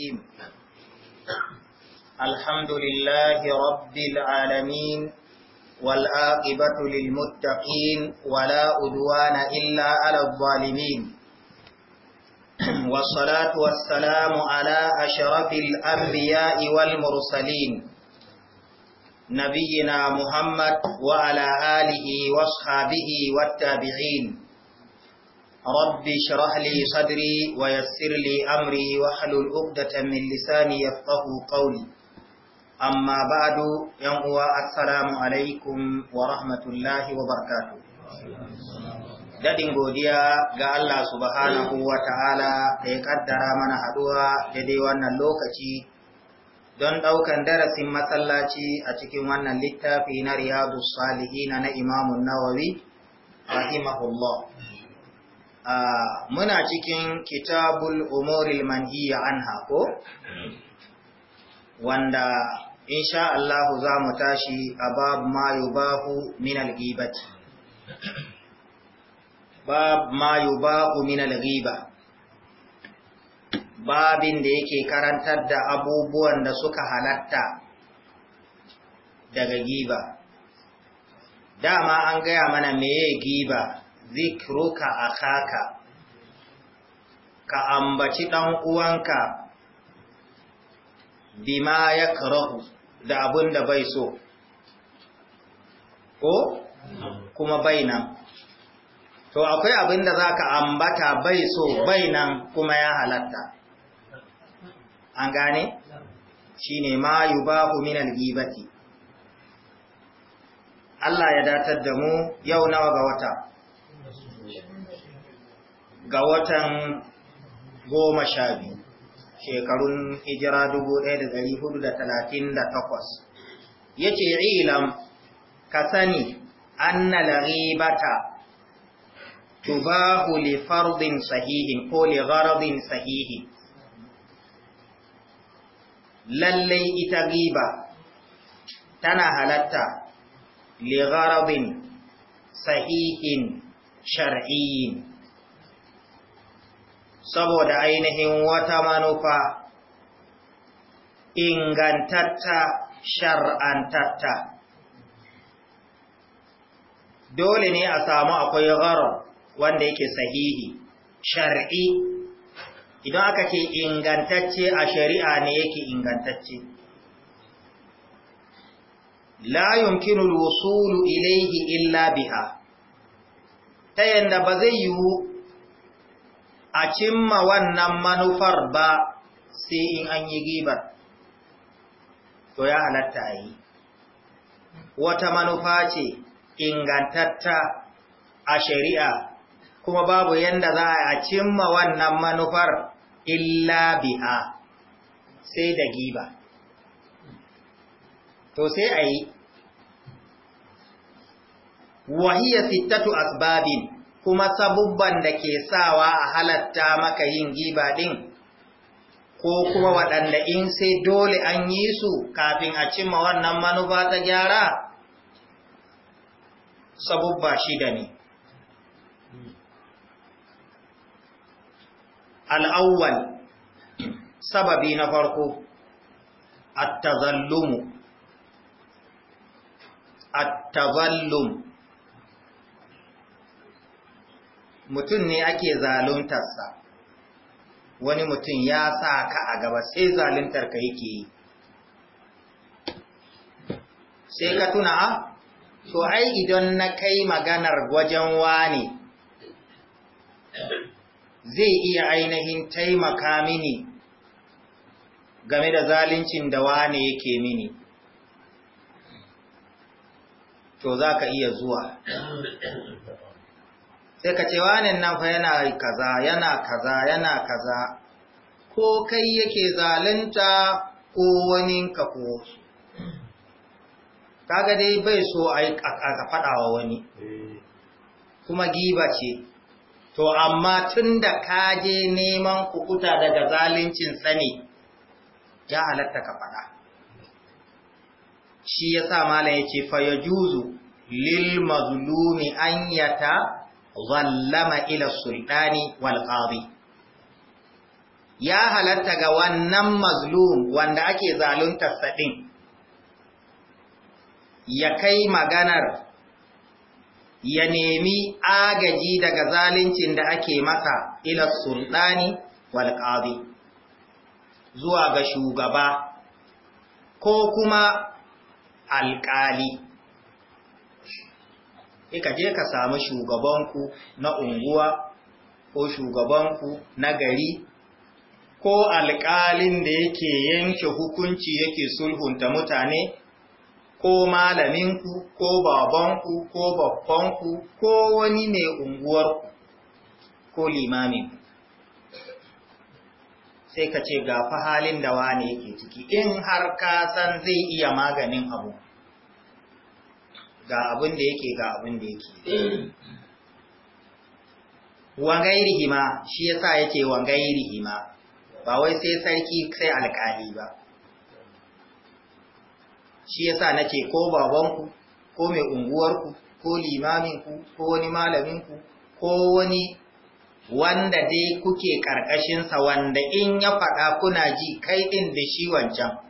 الحمد لله رب العالمين والآقبة للمتقين ولا أدوان إلا على الظالمين والصلاة والسلام على أشرف الأنبياء والمرسلين نبينا محمد وعلى آله واصحابه والتابعين رب اشرح لي صدري ويسر لي أمري واحلل عقدة من لساني يفقه قولي أما بعد ينقوى السلام عليكم ورحمة الله وبركاته Dadin godiya ga Allah subhanahu wa ta'ala da ya kaddara mana haɗuwa da dai wannan lokaci don ɗaukan darasin masallaci a cikin wannan littafi na Riyadu Salihina na Imamun Nawawi, rahimahullah. muna cikin kitabul umuril manhiya anha ko wanda insha Allah za mu tashi a bab ma yubahu min al-ghibati bab ma yubahu min al-ghiba babin da yake karantar da abubuwan da suka halatta daga giba dama an gaya mana meye giba zikruka akaka ka ambaci dan uwanka bima ya da abinda bai so ko kuma bai to akwai abin da za ka ambata bai so bai kuma ya halatta an gane shi ma yubahu ba ku ghibati Allah ya datar da mu yau nawa ga wata ga watan goma sha biyu shekarun hijira 1438 ya ce ilam ka sani anna laribata tubahu li fardin sahihin ko li gharadin sahihin lallai ita riba tana halatta li gharadin sahihin shar'iyyin saboda ainihin wata manufa ingantatta shar'antatta dole ne a samu akwai gharo wanda yake sahihi shar'i idan aka ce ingantacce a shari'a ne yake ingantacce la yumkinu al ilayhi illa biha ta yanda ba zai yiwu a cimma wannan manufar ba sai in an yi gibar to ya halatta yi wata manufa ce ingantatta a shari'a kuma babu yadda za a cimma wannan manufar illa biha sai da giba to sai a yi wahiyar sittatu asbabin kuma sabubban da ke sawa a halatta maka yin giba ɗin, ko kuma waɗanda in sai dole an yi su kafin a cimma wannan manufa ta gyara, sabubba shida ne. Al'awwal, sababi na farko, at-tazallumu, at-tazallum. mutum ne ake zaluntarsa wani mutum ya sa ka a gaba sai zaluntar ka yake yi sai ka tuna a ah, to ai idan na kai maganar wajen wani zai iya ainihin taimaka mini game da zaluncin da wane yake mini to za ka iya zuwa sai ka ce wanin nan fa yana kaza yana kaza yana kaza ko kai yake zalunta ko wani ka ko kaga dai bai so a faɗa wa wani eh. kuma giba ce to amma tun da ka je neman kukuta daga zaluncin sani ya halatta ka faɗa shi ya sa malam ya ce fa ya lil mazlumi an yata zallama ila sultani wal qadi ya halatta ga wannan mazlum wanda ake zalunta sa ya kai maganar ya nemi agaji daga zaluncin da ake masa ila sultani wal qadi zuwa ga shugaba ko kuma alƙali ka je ka samu shugabanku na unguwa ko shugabanku na gari ko alƙalin da yake yanke hukunci yake sulhunta mutane ko malaminku ko babanku ko babbanku ko wani ne unguwarku ko limamin, sai ka ce ga fa halin da wane yake ciki in har ka san zai iya maganin abu ga abin da yake ga abin da yake mm. Wangayi ma shi yasa yake wangayi ma ba wai sai sarki sai alƙali ba shi yasa nake ko babanku ko mai unguwarku ko limaminku ko wani malaminku ko wani wanda dai kuke ƙarƙashinsa wanda in ya faɗa kuna ji kai ɗin da shi wancan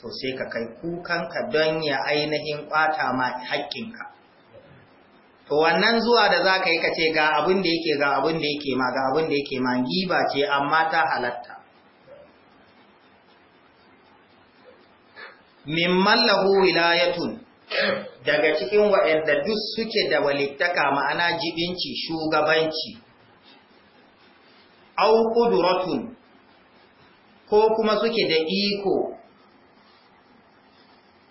to sai ka kai kukanka don ya ainihin ƙwata ma haƙƙinka to wannan zuwa da za ka yi ka ce ga abin da yake ga abin da yake ma ga abin da yake ma giba ce amma ta halatta min mallahu wilayatun daga cikin waɗanda duk suke da walittaka ma'ana jibinci shugabanci au ƙuduratun ko kuma suke da iko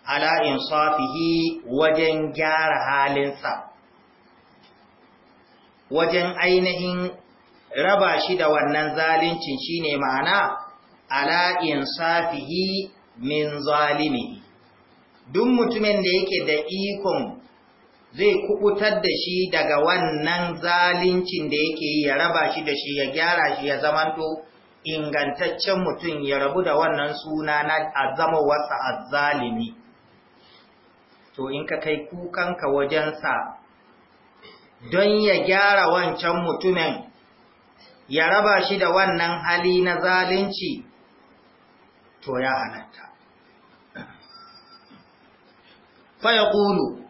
ala insafihi wajen gyara halinsa wajen ainihin raba shi da wannan zalincin shine ma'ana ala insafihi min zalimi duk mutumin da yake da ikon zai kubutar da shi daga wannan zalincin da yake yi ya raba shi da shi ya gyara shi ya zamanto ingantaccen mutum ya rabu da wannan suna na azamowarsa azzalimi to in ka kai kukanka wajensa don ya gyara wancan mutumin ya raba shi da wannan hali na zalunci to ya halatta faya ƙulu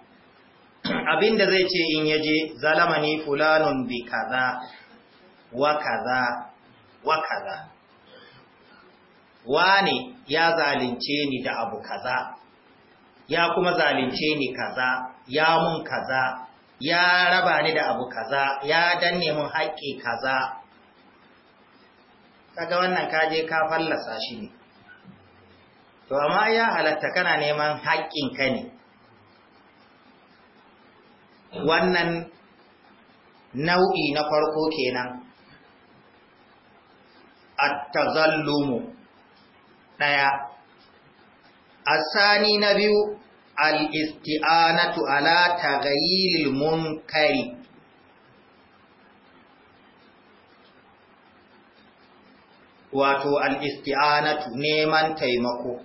abinda zai ce in yaje zalamani fulanun bi kaza wa kaza wa kaza wane ya zalunce ni da abu kaza ya kuma zalunce ni kaza ya mun kaza ya raba ni da abu kaza ya danne mun haƙƙi kaza kaga wannan kaje ka fallasa shi ne to amma ya halatta kana neman haƙƙinka ne wannan nau'i na farko kenan at-tazallumu daya asani na biyu al ala taghayyiril munkari wato al neman taimako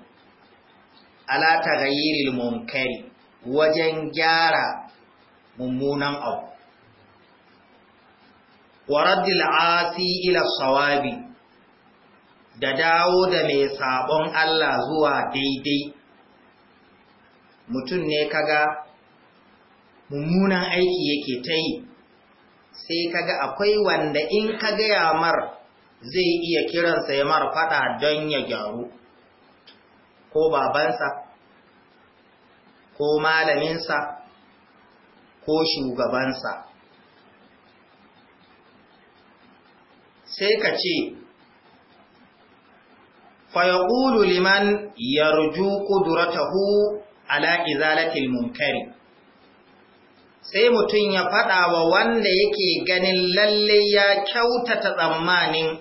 ala taghayyiril munkari wajen gyara mummunan abu wa raddil asi ila sawabi da dawo da mai sabon Allah zuwa daidai mutum ne kaga mummunan aiki yake ta yi sai kaga akwai wanda in ka gaya mar zai iya kiransa ya mar fada don ya gyaru ko babansa ko malaminsa ko shugabansa sai ka ce fayaqulu liman yarju qudratahu ala izalatil munkari sai mutum ya fada wa wanda yake ganin lalle ya kyautata tsammanin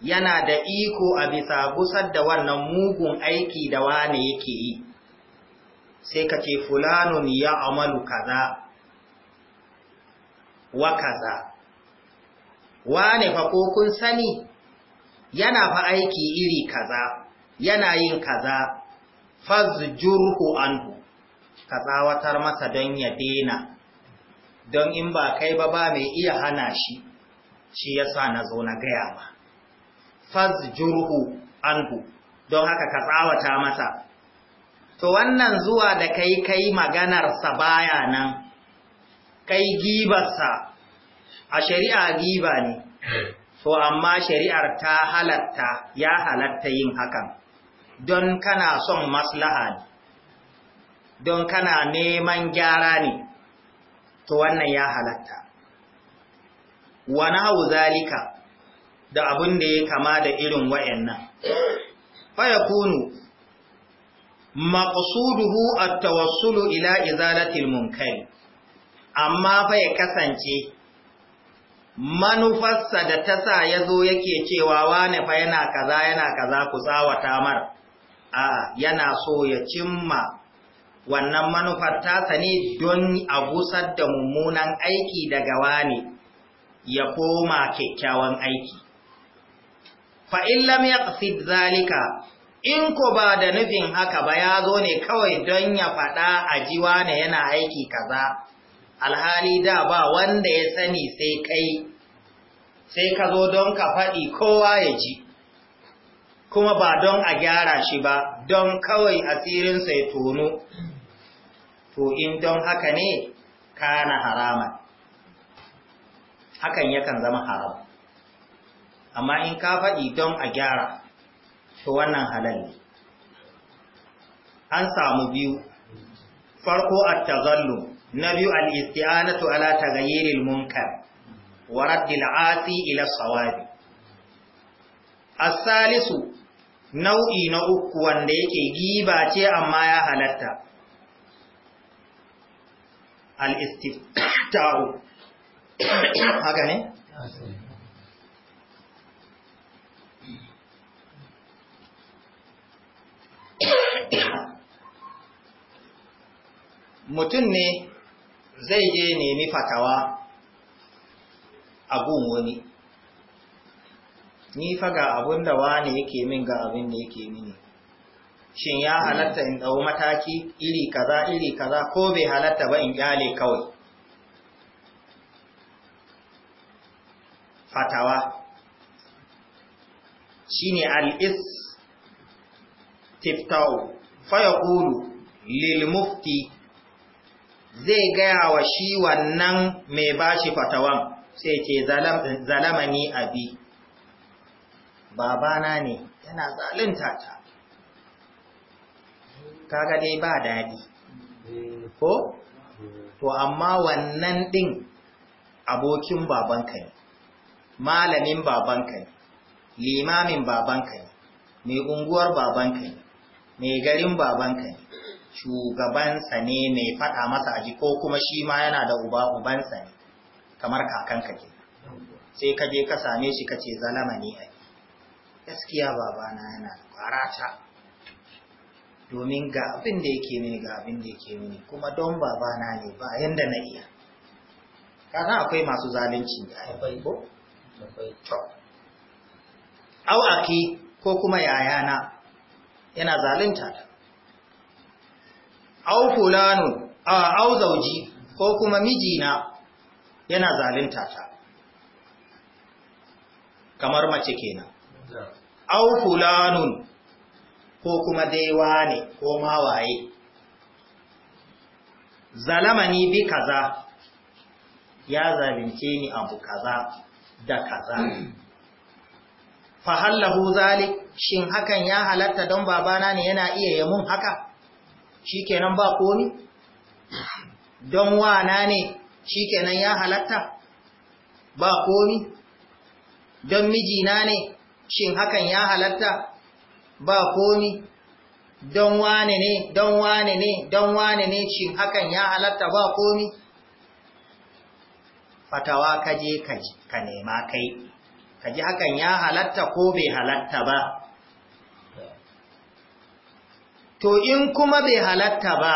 yana da iko a bisa busar da wannan mugun aiki da wane yake yi sai ka ce fulanun ya amalu kaza wa kaza wane fa ko kun sani yana fa aiki iri kaza yana yin kaza fazjurhu anhu ka tsawatar masa don ya dena don in ba kai ba ba mai iya hana shi shi yasa na zo na gaya ba fazjurhu anhu don haka ka tsawata masa to wannan zuwa da kai kai maganar sa baya nan kai gibarsa a shari'a giba ne hmm. so amma shari'ar ta halatta ya halatta yin hakan don kana son maslaha ne don kana neman gyara ne to wannan ya halatta wani hau zalika da abin da ya kama da irin wa'yannan faya kunu maƙasuduhu a tawassulu ila izalatil munkari amma fa ya kasance manufarsa da ta sa ya zo yake cewa wane fa yana kaza yana kaza ku tsawata mar a yana so ya cimma wannan manufar tasa ne don a busar da mummunan aiki daga wane ya koma kyakkyawan aiki in lam yaqsid zalika in ko ba da nufin haka ba ya zo ne kawai don ya faɗa a ji wane yana aiki kaza alhali da ba wanda ya sani sai kai sai ka zo don ka faɗi kowa ya ji kuma ba don a gyara shi ba don kawai asirinsa ya tono to in don haka ne kana harama. hakan yakan zama haram amma in ka faɗi don a gyara to wannan halal ne an samu biyu farko a tazallu, na biyu al-isti'anatu ala gayyar munkar wa raddil asi ila sawabi as-salisu nau'i na uku wanda yake giba ce amma ya halatta al-istifta'u haka ne mutum ne zai je nemi fatawa abun wani ni fa ga abun da wani yake min ga abin da yake mini shin ya halatta in ɗau mataki iri kaza iri kaza ko bai halatta ba in kyale kawai fatawa shine al-is tiftau yaqulu lil mufti zai gaya wa shi wannan mai bashi fatawan sai ce zalama zalamani abi babana ne yana zalunta ta kaga dai ba daɗi ko to amma wannan ɗin abokin babanka ne malamin babanka ne limamin babanka ne mai unguwar babanka ne mai garin babanka ne shugabansa ne mai faɗa masa aji ko kuma shi ma yana da uba ubansa ne kamar kakanka ke sai ka je ka same shi ka ce zalama ne yi. gaskiya babana yana kwarata domin ga abin da yake mini ga abin da yake mini kuma don babana ne ba yanda na iya kasan akwai masu zalunci da akwai ko akwai to au aki ko kuma yayana yana zalunta ta au fulano au zauji ko kuma mijina yana zalunta ta kamar mace kenan au fulanun ko kuma daiwa ne ko mawaye zalamani bi kaza ya zalunce ni abu kaza da kaza fahallahu zalik shin hakan ya halatta don babana ne yana iya yamun haka Shi kenan ba komi don wana ne shi kenan ya halatta ba komi don mijina ne shin hakan ya halatta ba komi don wane ne don wane ne don wane ne shin hakan ya halatta ba komi fatawa kaje ka nema kai kaji hakan ya halatta ko bai halatta ba to in kuma bai halatta ba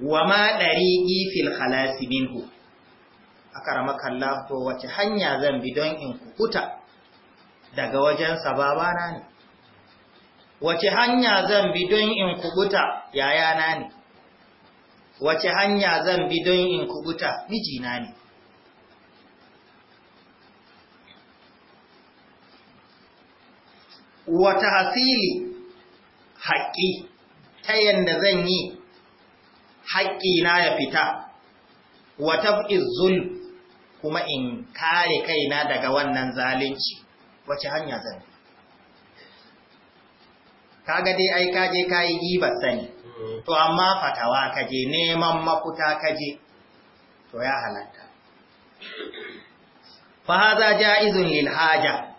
wa ma ɗariƙi fil halasi minhu a karamakallah to wace hanya zan bi don in kukuta daga wajensa babana ne wace hanya zan bi don in kubuta yayana ne wace hanya zan bi don in kubuta mijina ne wata hasili haƙi ta yadda zan yi haƙƙina ya fita wa tab'iz zulm kuma in kare kaina daga wannan zalunci wace hanya zan kaga dai ai kaje kai gibar sani mm. to amma fatawa kaje neman mafuta kaje to ya halatta fa hadha ja'izun lil haja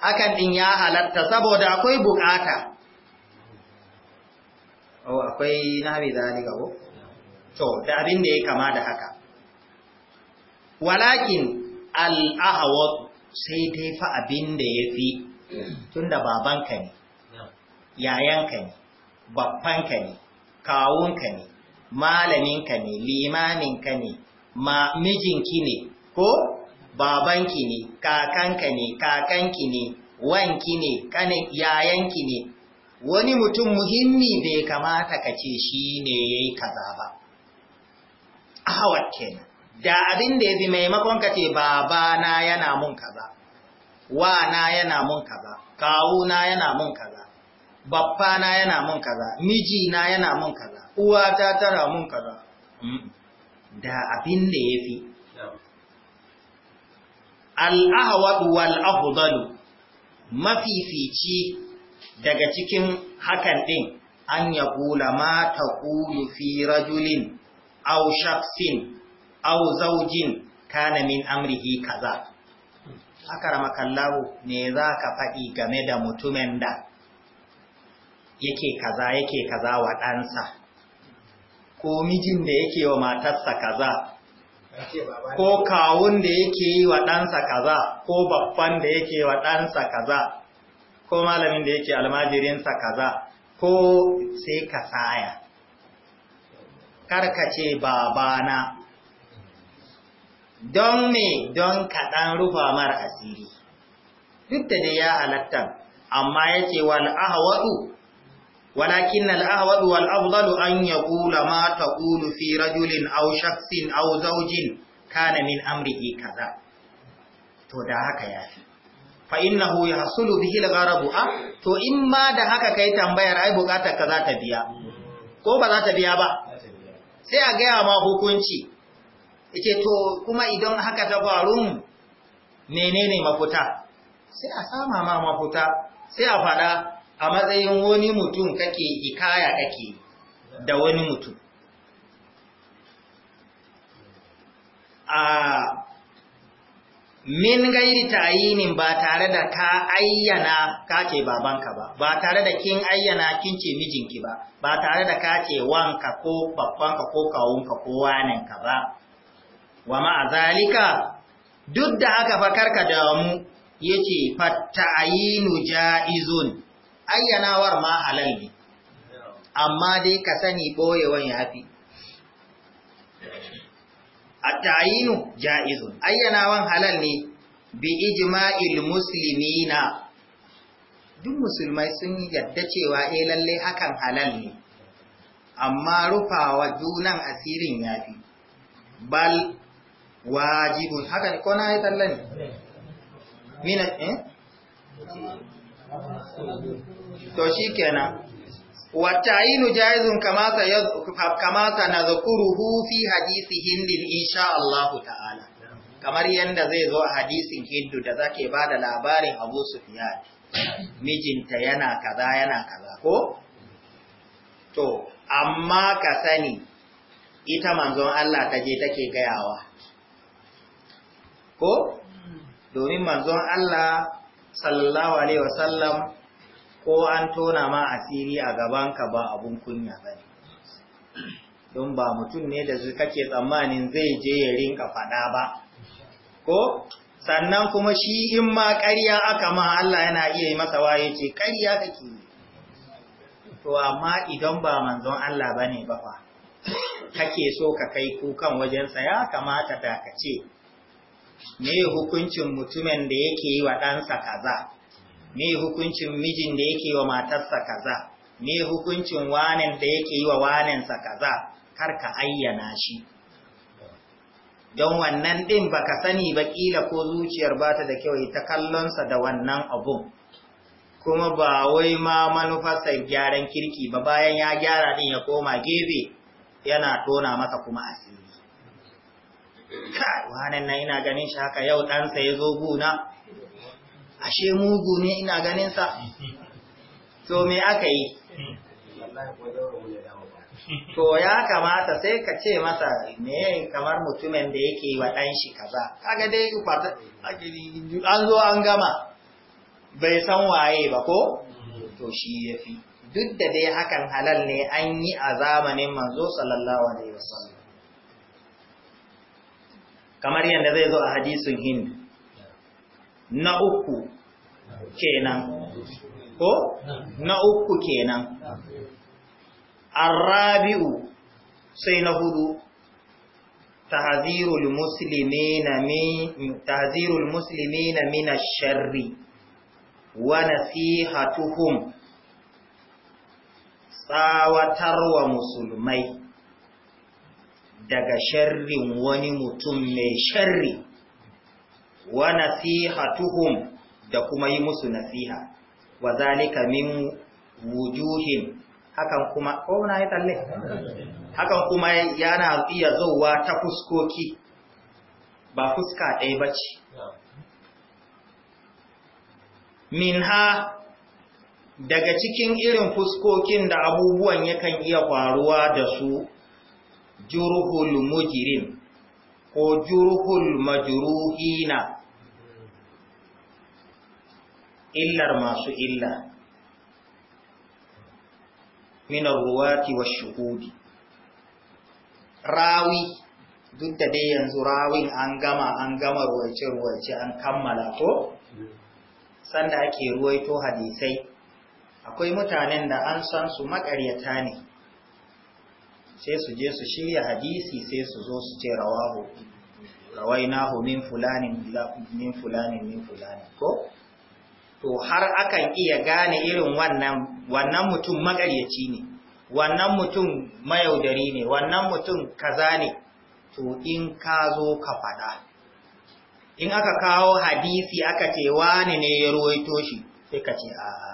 hakan din ya halatta saboda akwai bukata Oh, akwai nabi zalika ko to da abin da ya kama da haka walakin al sai dai fa abin da yafi tunda babanka ne yayanka ne babbanka ne kawunka ne malaminka ne limaminka ne ma mijinki ne ko babanki ne kakanka ne kakanki ne wanki ne kanin yayanki ne wani mutum muhimmi bai kamata ka ce shi ne ya yi kaza ba ahawar kenan da abin da ya fi maimakon ka ce babana yana mun kaza na yana mun kaza na yana mun kaza na yana mun kaza mijina yana mun kaza uwata tara mun kaza da abin da ya fi al'ahawar wal'ahudalu mafifici daga cikin hakan ɗin an ya kula ma ta ƙulu fi rajulin au shaksin au zaujin kana min amrihi kaza akarama kallahu me za ka faɗi game da mutumin da yake kaza yake kaza wa ɗansa ko mijin da yake wa matarsa kaza ko kawun da yake yi wa ɗansa kaza ko babban da yake wa ɗansa kaza ko malamin da yake almajirinsa kaza ko sai ka saya Kar ka karkace babana don me don kaɗan rufa mara asiri duk da dai ya halatta amma ya ce wal ahwadu walakin al ahwadu wal afdalu an yaqula ma taqulu fi rajulin au shakhsin aw zawjin kana min amrihi kaza to da haka yafi fa innahu yahsulu bihi al a ah, to in ma da haka kai tambayar ai bukatar ka za ta biya ko ba za ta biya ba sai a gaya ma hukunci yace to kuma idan haka ta faru menene mafuta sai a sama ma mafuta sai a fada a matsayin wani mutum kake ikaya kake da wani mutum a ah, min gairi ta'ayinin ba tare da ka ayyana kace babanka ba ba tare da kin ayyana kin ce mijinki ba ba tare da kace wanka ko babbanka ko kawunka ko wanenka ba wa ma zalika duk da haka fa karka mu yace fa ta'ayinu jaizun ayyanawar ma halal ne amma dai ka sani boyewan yafi at Ja'izu. Ayyana ayyanawan halal ne bi ijma'il muslimina duk musulmai sun yadda cewa eh lalle hakan halal ne amma rufawa junan asirin yafi bal wajibun hakan ko na yi tallan mina eh to shikenan والتعيين جائز كما كما سنذكره في حديث هند ان شاء الله تعالى kamar yadda zai zo a hadisin Hindu da zake bada labarin Abu Sufyan mijinta yana kaza yana kaza ko to amma ka sani ita manzon Allah ta je take gayawa ko domin manzon Allah sallallahu alaihi wasallam ko an tona ma asiri a gaban ka ba abun kunya ba don ba mutum ne da kake tsammanin zai je ya rinka faɗa ba ko sannan kuma shi in ma ƙarya aka ma Allah yana iya yi masa waye ce ƙarya kake yi to amma idan ba manzon Allah ba ne ba fa kake so ka kai kukan wajensa ya kamata da ka me hukuncin mutumin da yake yi wa ɗansa kaza me hukuncin mijin da yake wa matarsa kaza me hukuncin wanen da yake yi wa wanensa kaza kar ka ayyana shi don wannan din baka sani ba kila ko zuciyar ba ta da kyau ita kallonsa da wannan abun kuma ba wai ma manufarsa gyaran kirki ba bayan ya gyara din ya koma gebe yana tona masa kuma asiri kai wannan ina ganin shi haka yau ɗansa ya zo guna ashe mugu ne ina ganin sa to me aka yi to ya kamata sai ka ce masa me kamar mutumin da yake wa ɗanshi shi kaza kaga dai an zo an gama bai san waye ba ko to shi yafi duk da dai hakan halal ne an yi a zamanin manzo sallallahu alaihi wasallam kamar yadda zai zo a hadisin Hindu na uku kenan ko na uku kenan arabi'u sai na hudu tahzirul na min tahzirul muslimina min ash-sharri wa nasihatuhum tsawatarwa musulmai daga sharrin wani mutum mai sharri wa nasihatuhum da kuma yi musu nasiha wa zalika min wujuhin hakan kuma ko na talle hakan kuma yana iya zowa ta fuskoki ba fuska ɗaya bace minha daga cikin irin fuskokin da abubuwan yakan iya faruwa da su jurhul mujirin, ko jurhul majruhina illar masu illa minar ruwati wa shuhudi rawi duk da dai yanzu rawin an gama an gama ruwaice-ruwaice an kammala ko sanda ake ruwaito hadisai akwai mutanen da an san su makaryata ne sai su je su shirya hadisi sai su zo su ce rawahu rawainahu min fulani min fulani min fulani ko to har akan iya gane irin wannan wannan mutum makaryaci ne wannan mutum mayaudari ne wannan mutum kaza ne to in ka zo ka faɗa in aka kawo hadisi aka ce wani ne ya ruwaito shi sai ka ce a'a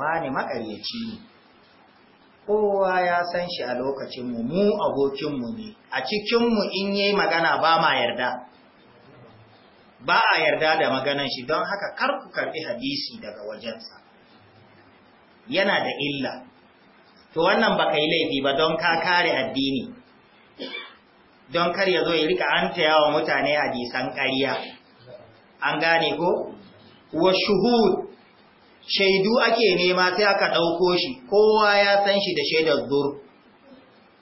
wani makaryaci ne kowa ya san shi a lokacinmu mu abokinmu ne a cikinmu in yi magana ba ma yarda ba a yarda da maganan shi don haka kar ku karbi hadisi daga wajensa yana da illa to wannan ba ka yi laifi ba don ka kare addini don kar ya zo ya rika an wa mutane hadisan ƙarya an gane ko wa shuhud shaidu ake nema sai aka ɗauko shi kowa ya san shi da shaidar zur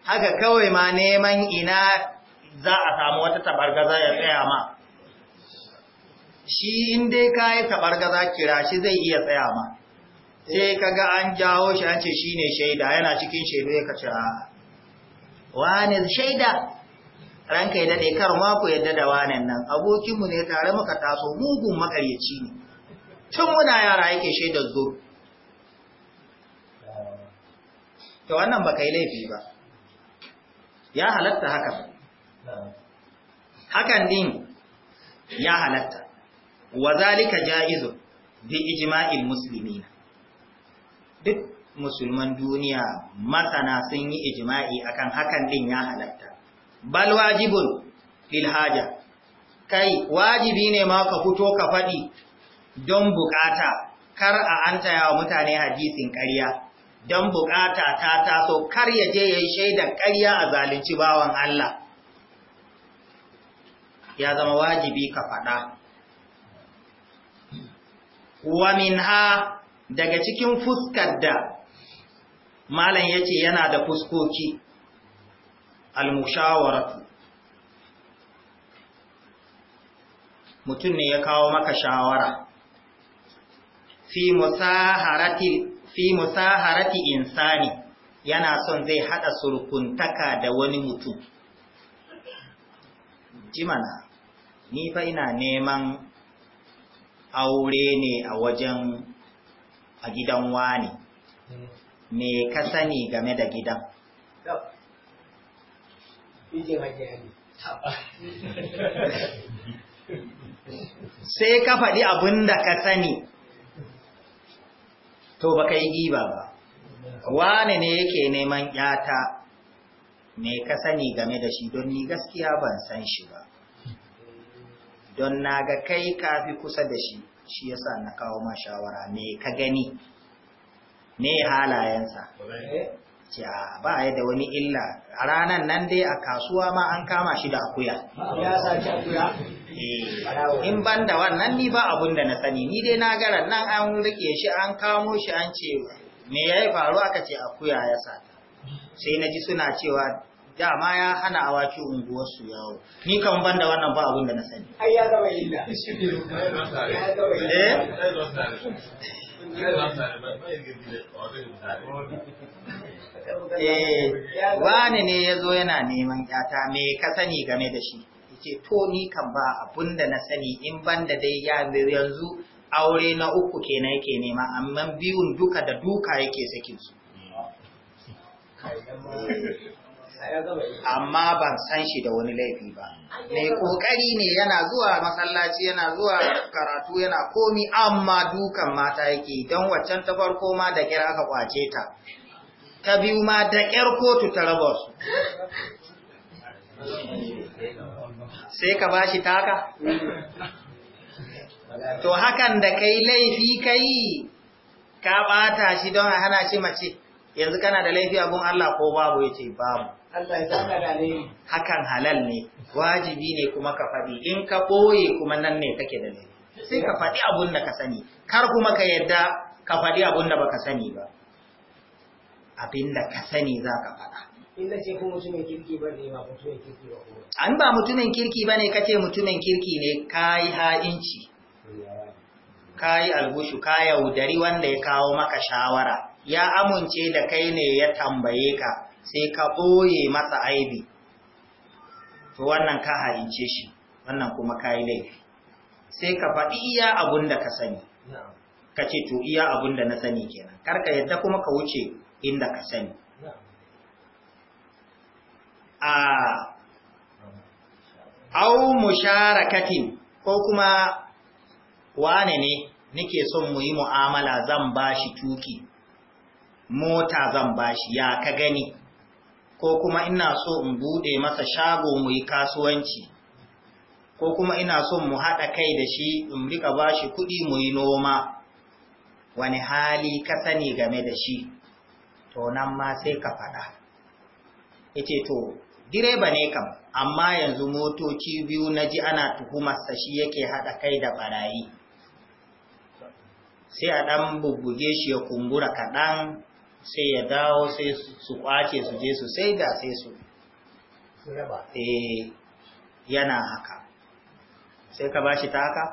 haka kawai ma neman ina za a samu wata tabargaza ya tsaya ma shi in dai ka yi gaza kira shi zai iya tsaya ma sai eh. ka ga an jawo shi an ce shi ne shaida yana cikin shaidu ya kace a wani shaida ranka ya daɗe kar ma yadda da wanan nan abokinmu ne tare muka taso mugun makaryaci ne tun muna yara yake shaida zo ta wannan ba kai laifi ba ya halatta haka hakan din ya halatta Wazalika zalika jaizun bi ijma'il muslimin duk musulman duniya masana sun yi ijma'i akan hakan din ya halatta bal wajibin, Ilhaja. haja kai wajibi ne ma ka fito ka faɗi don bukata kar a antaya wa mutane hadisin ƙarya don bukata ta taso kar ya je ya shaidar ƙarya a zalunci bawan Allah ya zama wajibi ka faɗa wa minha daga cikin fuskar da malam yace yana da fuskoki al-mushawaratu mutum ne ya kawo maka shawara fi musaharati fi musaharati insani yana son zai hada surkuntaka da wani mutum jimana ni fa ina neman aure ne a wajen a gidan wani me ka sani game da gidan sai ka faɗi abin da ka sani to ba yi giba ba wane ne yake neman yata me ka sani game da shi don ni gaskiya ban san shi ba don na ga kai kafi kusa da shi shi yasa na kawo ma shawara me ka gani me halayensa Ya ba ya da wani illa a ranar nan dai a kasuwa ma an kama shi da akuya eh, in ban da wannan ni ba abun da na sani ni dai na garan nan an rike shi an kamo shi an ce me ya faru aka ce akuya ya sata sai na ji suna cewa dama ya hana awaki unguwar su yawo ni kan ban da wannan ba abin da na sani ai ya zama illa eh, eh wani ne ya zo yana neman yata me ka sani game da shi yace to ni kan ba abin da na sani in ban da dai yanzu aure na uku kenan yake nema amma biyun duka da duka yake sakin su amma ban san shi da wani laifi ba mai kokari ne yana zuwa masallaci yana zuwa karatu yana komi amma dukan mata yake don waccan ta farko ma da kira aka kwace ta ta biyu ma da kyar kotu ta raba su sai ka bashi taka to hakan da kai laifi kai ka bata shi don a hana shi mace yanzu kana da laifi abun Allah ko babu yace babu hakan halal ne wajibi ne kuma ka faɗi in ka ɓoye kuma nan ne kake da ne. sai ka faɗi abun da ka sani kar kuma ka yadda ka faɗi abun da baka sani ba abin da ka sani za ka faɗa inda ce kuma mutumin kirki ba ne ba mutumin kirki ba kuma an ba mutumin kirki ba ne ka ce mutumin kirki ne ka yi ha'inci ka yi albushu, ka yaudari wanda ya kawo maka shawara ya amince da kai ne ya tambaye ka sai ka ɓoye masa aibi to wannan ka haince shi wannan kuma ka yi laifi sai ka faɗi iya abun da ka sani ka ce to iya abun da na sani kenan karka yadda kuma ka wuce inda ka sani a au musharakatin ko kuma wane ne nake son mu yi mu'amala zan bashi tuki mota zan bashi ya ka gani ko kuma ina so in bude masa shago mu yi kasuwanci ko kuma ina so mu haɗa kai da shi in rika ba shi kuɗi mu yi noma wani hali ka sani game da shi to nan ma sai ka faɗa yace to direba ne kam amma yanzu motoci biyu na ji ana tuhumarsa shi yake haɗa kai da ɓarayi sai a ɗan bubbuge shi ya kumbura kaɗan sai ya dawo sai su kwace su je su sai da sai su eh yana haka sai ka bashi ta haka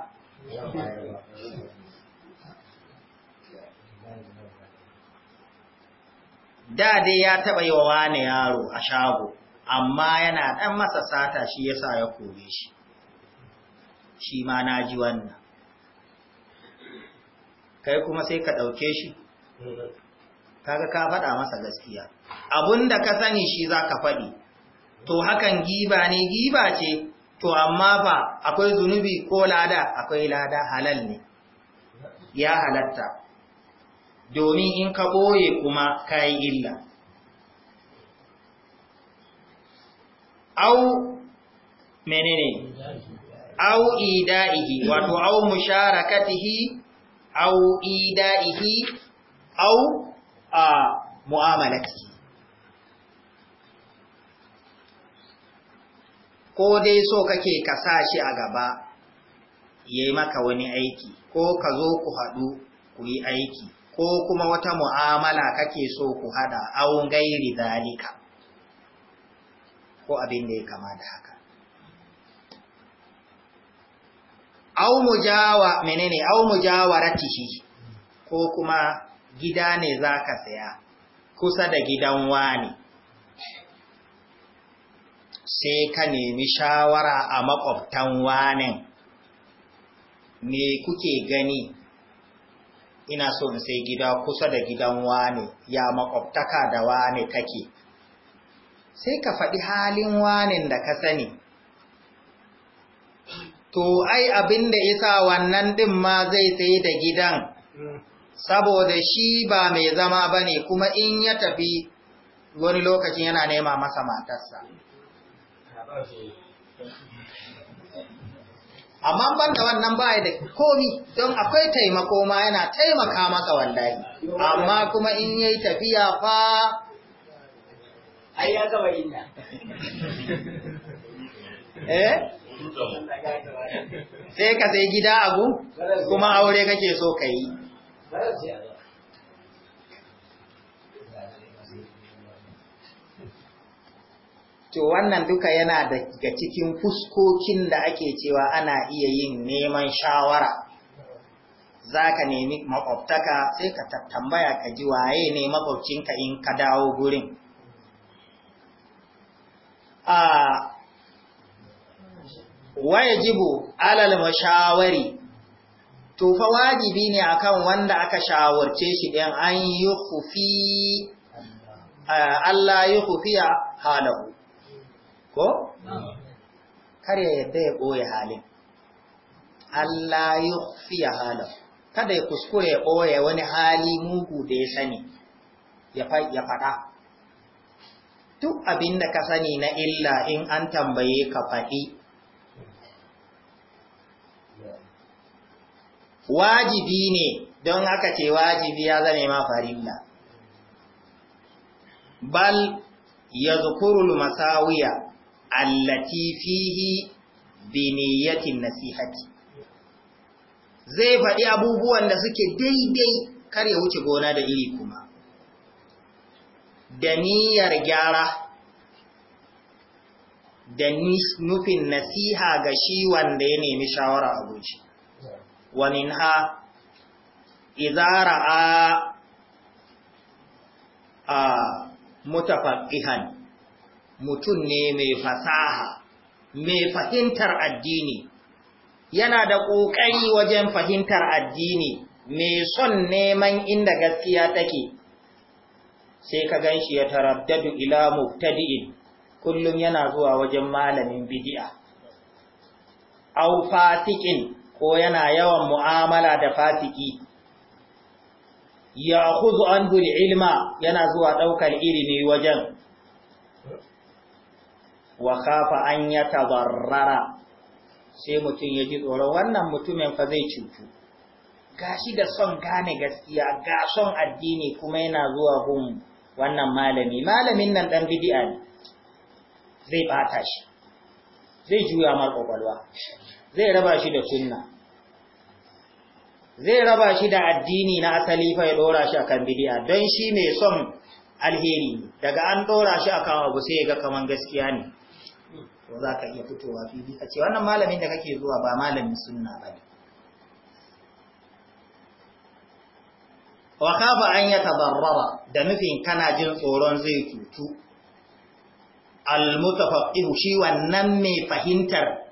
da dai ya taɓa yi wa wane yaro a shago amma yana ɗan masa sata shi yasa ya kore shi shi ma na ji wannan kai kuma sai ka ɗauke shi mm. kaga ka faɗa masa gaskiya abunda ka sani shi za ka faɗi to hakan giba ne giba ce to amma fa akwai zunubi ko lada akwai lada halal ne ya halatta domin in ka ɓoye kuma ka yi illa au menene au ida'ihi wato au musharakatihi au ida'ihi au a mu'amalati ko dai so kake ka sa a gaba yayi maka wani aiki ko ka zo ku haɗu ku yi aiki ko kuma wata mu'amala kake so ku haɗa awon gairi zalika ko abin da ya kama da haka au mujawa menene au mujawaratihi ko kuma gida ne za ka saya kusa da gidan wani sai ka nemi shawara a makwabtan wanin me kuke gani ina so in sai gida kusa da gidan wani ya makwabtaka da wani kake sai ka faɗi halin wanin da ka sani to ai abin da isa wannan ɗin ma zai sai da gidan hmm. saboda shi ba mai zama ba ne kuma in ya tafi wani lokacin yana nema masa matarsa amma ban da wannan baya da komi don akwai taimako ma yana taimaka masa wallahi amma kuma in ya yi tafiya fa ai ya gaba inda eh sai ka sai gida abu kuma aure kake so ka yi To wannan duka yana daga cikin fuskokin da ake cewa ana iya yin neman shawara. Za ka nemi makwabtaka sai ka tambaya ka ji waye ne makwabcinka in ka dawo gurin. A waye jibo alal mashawari to fa wajibi ne akan wanda aka shawarce shi ɗin an yi hufi Allah yi a halahu ko? kar ya yadda ya ɓoye halin Allah yi fiye halin kada ya kuskure ya ɓoye wani hali mugu da ya sani ya faɗa duk abin da ka sani na illa in an tambaye ka faɗi wajibi ne don haka ce wajibi ya zane ma farilla bal ya zukurul masawiya allati fihi biniyatin nasihati zai faɗi abubuwan da suke daidai kar ya wuce gona da iri kuma da niyyar gyara da nufin nasiha ga shi wanda ya nemi shawara a guji wa ha izara a mutafaƙihan mutum ne mai fasaha mai fahimtar addini yana da ƙoƙari wajen fahimtar addini mai son neman inda gaskiya take sai ka gan shi ya taraddadu ila muftadi'in kullum yana zuwa wajen malamin bidi'a au fatikin ko yana yawan mu'amala da fasiki ya khuzu anhu ilma yana zuwa ɗaukar ilimi wajen wa kafa an ya tabarrara sai mutum ya ji tsoron wannan mutumin fa zai cutu gashi da son gane gaskiya ga son addini kuma yana zuwa hun wannan malami malamin nan dan bidi'a ne zai bata shi zai juya mar kokolwa zai raba shi da sunna zai raba shi da addini na asali fa ya dora shi akan bidi'a, don shi mai son alheri daga an dora shi akan abu sai ya ga kaman gaskiya ne to za ka iya fitowa fili ka ce wannan malamin da kake zuwa ba malamin sunna ba ne wa khafa an ya da nufin kana jin tsoron zai cutu almutafaqihu shi wannan mai fahimtar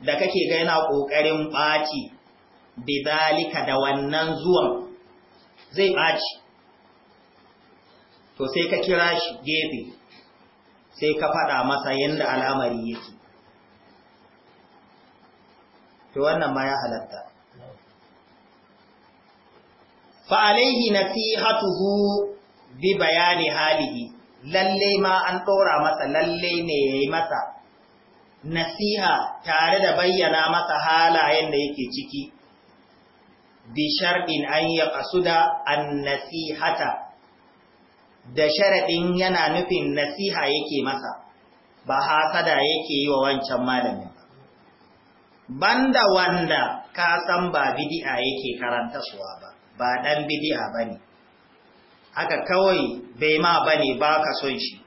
da kake ga yana kokarin baci bidalika da wannan zuwan zai baci to sai ka kira shi gefe sai ka faɗa masa yadda al'amari yake to wannan ma ya halatta fa'alaihi na fi hatuhu bi bayani halihi lalle ma an ɗora masa lalle ne ya masa nasiha tare da bayyana masa halayen da yake ciki bi sharɗin an ya da an nasihata da sharaɗin yana nufin nasiha yake masa ba hasada yake yi wa wancan malamin banda wanda ka san ba bidi'a yake karanta suwa ba ba dan bidi'a bane haka kawai bai ma bane ka son shi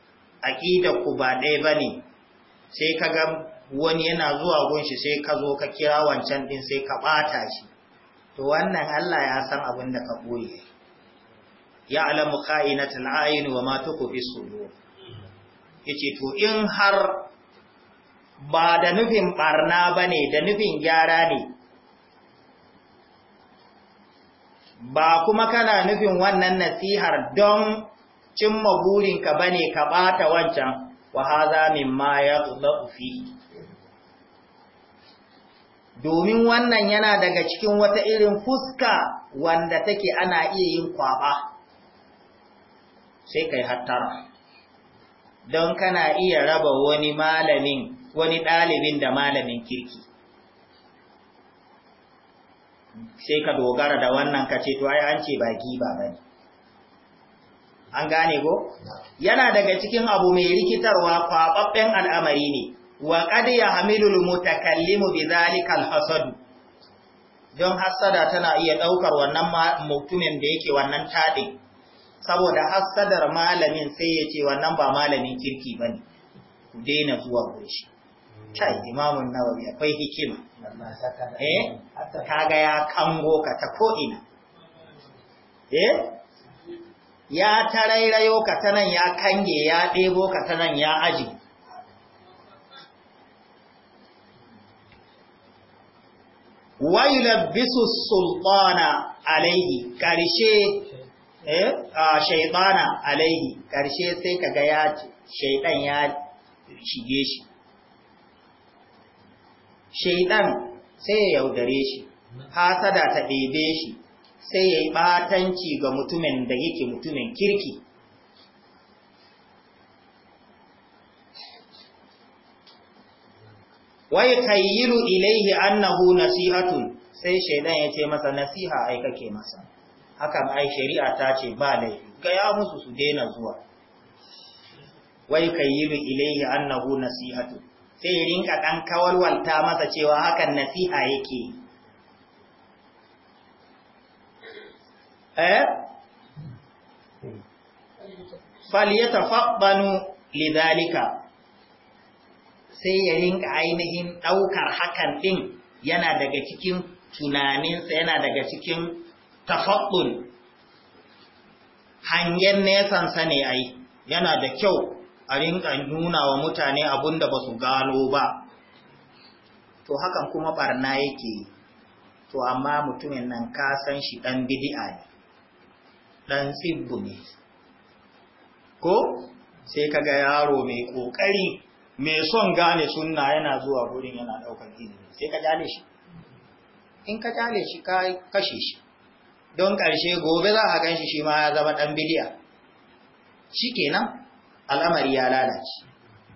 aqida ku ba ɗaya bane sai ka ga wani yana zuwa gunshi sai ka zo ka kira wancan din sai ka ɓata shi to wannan Allah ya san abin da ka boye ya'lamu kha'inatal a'yun wa ma tukhfi sudur yace to in har ba da nufin barna bane da nufin gyara ne ba kuma kana nufin wannan nasihar don cimma burinka ba ne ka bata wancan wa ma mimma ya fi domin wannan yana daga cikin wata irin fuska wanda take ana iya yin kwaba sai kai hattara don kana iya raba wani malamin wani ɗalibin da malamin kirki sai ka dogara da wannan ka ce to ai an ce ba bane an gane go yana daga cikin abu mai rikitarwa kwababben al'amari ne wa qad hamilul mutakallimu zalikal don hasada tana iya ɗaukar wannan mutumin da yake wannan taɗin. saboda hasadar malamin sai ya ce wannan ba malamin kirki ba ne ku daina zuwa shi kai imamun nawawi akwai hikima eh ga ya kango ka ta ko'ina eh ya tarairayo ka ta nan ya kange ya ɗebo ka ta nan ya aji wayulabbisu sultana alaihi ƙarshe eh shaytana alaihi karshe sai kaga ya shaytan ya shige shi shaytan sai ya yaudare shi hasada ta ɗebe shi sai ya yi ɓatanci ga mutumin da yake mutumin kirki wai kayyiru ilaihi annahu nasihatun sai shaidan ya ce masa nasiha ai ke masa hakan ai shari'a ta ce ba laifi gaya musu su daina zuwa wai kayyilu ilaihi annahu nasihatu sai rinka dan kawalwalta masa cewa hakan nasiha yake eh ya falyatafaddanu lidhalika sai ya rinka ainihin ɗaukar hakan ɗin yana daga cikin tunaninsa yana daga cikin tafaddul hangen nesan ne ai yana da kyau a rinka nuna wa mutane abun da ba su gano ba to hakan kuma barna yake to amma mutumin nan ka san shi ɗan bidi'a ne ɗan tsibbu ne ko sai ka ga yaro mai ƙoƙari mai son gane sunna yana zuwa gurin yana ɗaukar izini sai ka jale shi in ka jale shi ka kashe shi don ƙarshe gobe za a gan shi shi ma ya zama ɗan bidiya shi kenan al'amari ya lalace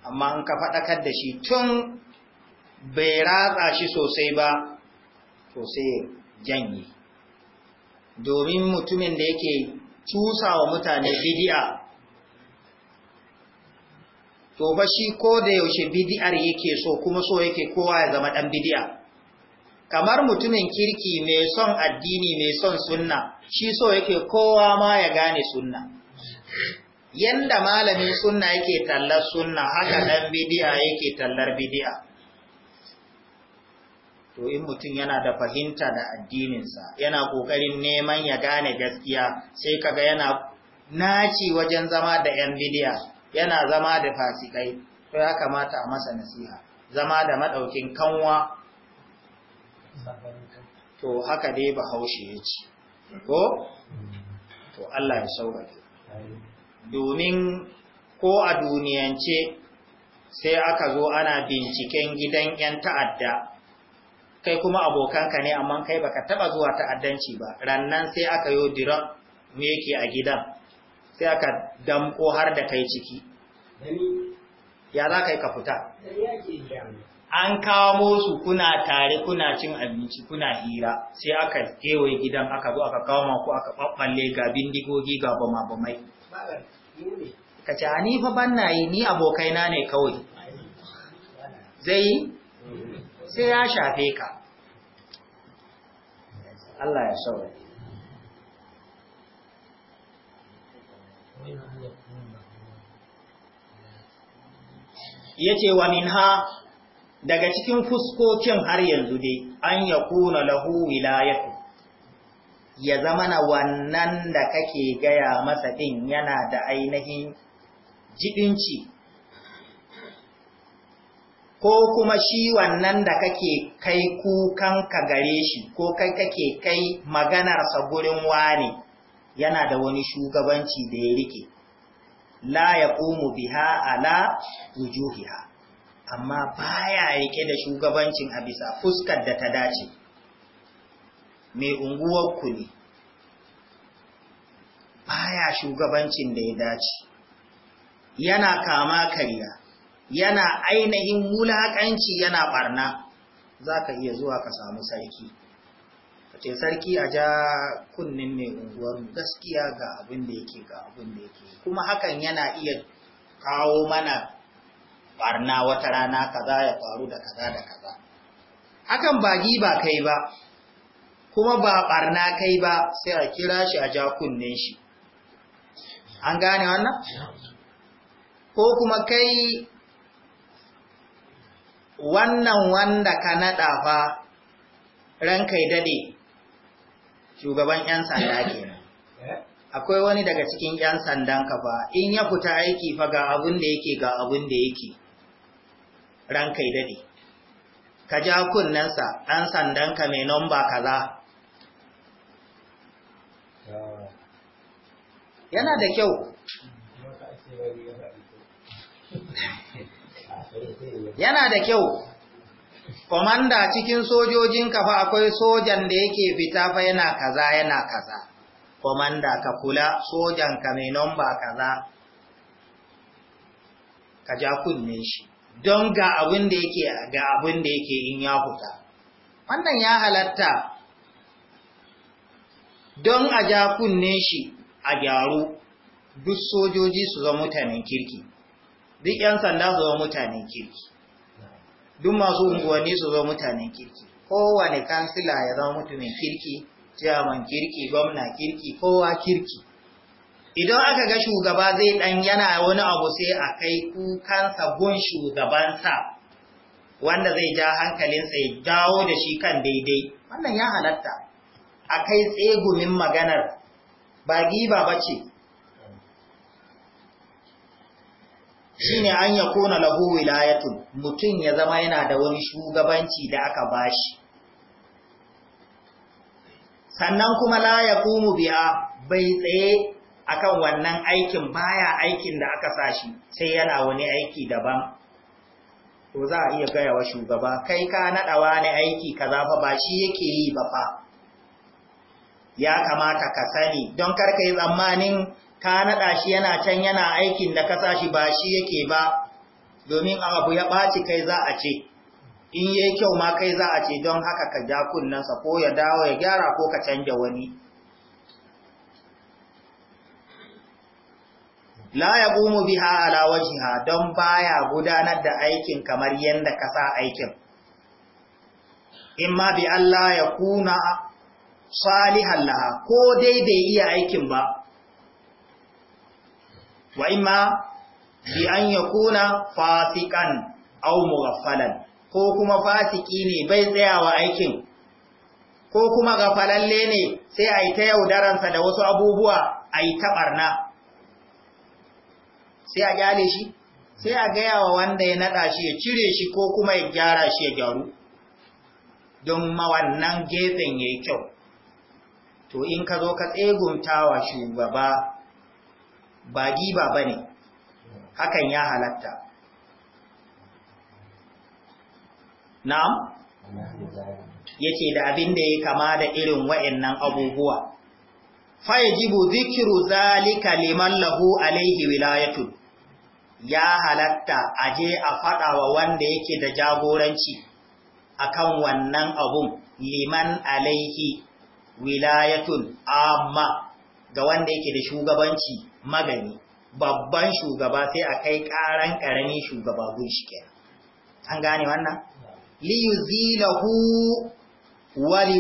amma an ka faɗakar da shi tun bai ratsa shi sosai ba to sai janye domin mutumin da yake cusa wa mutane bidiya to ba shi ko da yaushe bidiyar yake so kuma so yake kowa ya zama ɗan bidiya kamar mutumin kirki mai son addini mai son sunna shi so yake kowa ma ya gane sunna yanda malamin sunna yake tallar sunna haka dan bidiya yake tallar bidiya. to in mutum yana da fahimta da addininsa yana kokarin neman ya gane gaskiya sai kaga yana naci wajen zama da yan bidiya, yana zama da fasikai to ya kamata a masa nasiha zama da maɗaukin kanwa to haka dai bahaushe ya ce ko to Allah ya saurare domin ko a duniyance sai aka zo ana binciken gidan 'yan ta'adda kai kuma abokanka ne amma kai baka taba zuwa ta'addanci ba rannan sai aka yo dira me yake a gidan sai aka damko har da kai ciki ya za ka yi ka fita an kawo su kuna tare kuna cin abinci kuna hira sai aka kewaye gidan aka zo aka ma ku aka ɓaɓɓalle ga bindigogi ga bama-bamai ka ce ni fa ban yi ni abokaina ne kawai zai sai ya shafe ka Allah ya sauwa ya wa min daga cikin fuskokin har yanzu dai an ya kuna lahu wilayatu ya zama na wannan da kake gaya masa ɗin yana da ainihin jibinci ko kuma shi wannan da kake kai kukan ka gare shi ko kai kake kai maganarsa gurin wani yana da wani shugabanci da ya rike la ya biha ala wujuhiha amma baya rike da shugabancin a bisa fuskar da ta dace mai unguwar ku ne baya shugabancin da ya dace yana kama karya yana ainihin wulaƙanci yana barna za ka iya zuwa ka samu sarki ce sarki a ja kunnin mai unguwar gaskiya ga abin da yake ga abin da yake kuma hakan yana iya kawo mana barna wata rana kaza ya faru da kaza da kaza hakan ba giba kai ba kuma ba barna kai ba sai a kira shi a ja kunnen shi an gane wannan ko kuma kai wannan wanda ka naɗa fa ranka yi daɗe shugaban 'yan sanda kenan akwai wani daga cikin 'yan sandan ka fa in ya fita aiki fa ga abin da yake ga abin da yake ranka ya dade ka ja kunnensa ɗan sandanka mai nomba kaza yana da kyau yana da kyau komanda cikin sojojin kafa akwai sojan da yake fita fa yana kaza yana kaza komanda ka kula sojan ka mai nomba kaza ka ja kunne shi don ga abin da yake ga abin da yake in ya fita wannan ya halatta don a ja kunne shi a gyaru duk sojoji su zama mutanen kirki duk 'yan sanda su zama mutanen kirki duk masu unguwanni su zama mutanen kirki kowane kansila ya zama mutumin kirki ciyaman kirki gwamna kirki kowa kirki idan aka ga shugaba zai ɗan yana wani abu sai a kai kukansa gun shugabansa wanda zai ja hankalinsa ya dawo da shi kan daidai wannan ya halatta a kai tsegumin maganar ba giba ba ce shi ne an ya kona lahu wilayatun mutum ya zama yana da wani shugabanci da aka bashi sannan kuma la ya biya bai tsaye akan wannan aikin baya aikin da aka sashi sai yana wani aiki daban to za a iya gaya wa shugaba kai ka naɗa wani aiki kaza fa ba shi yake yi ba fa ya kamata ka sani don karka yi tsammanin ka naɗa shi yana can yana aikin da ka sashi ba shi yake ba domin abu ya ɓaci kai za a ce in yi kyau ma kai za a ce don haka ka ja kunnensa ko ya dawo ya gyara ko ka canja wani la ya gumu biha ala wajiha don baya gudanar da aikin kamar yadda ka sa aikin imma bi Allah ya kuna salihan laha ko dai bai iya aikin ba wa imma bi an ya kuna fasikan au mughaffalan ko kuma fasiki ne bai tsayawa aikin ko kuma gafalalle ne sai a yi ta yaudaransa da wasu abubuwa a yi taɓarna sai a gyale shi sai a gaya wa wanda ya naɗa shi ya cire shi ko kuma ya gyara shi ya gyaru don wannan gefen ya yi kyau to in ka zo ka tsegunta wa shugaba ba giba ba ne hakan ya halatta na'am yake da abin da ya kama da irin wa'annan abubuwa fa yajibu zikiru zalika liman lahu alaihi wilayatun ya halatta a je a faɗa wa wanda yake da jagoranci akan wannan abun liman alaihi wilayatun amma ga wanda yake da shugabanci magani babban shugaba sai a kai ƙaran ƙaramin shugaba gun shi kenan an gane wannan liyuzilahu wali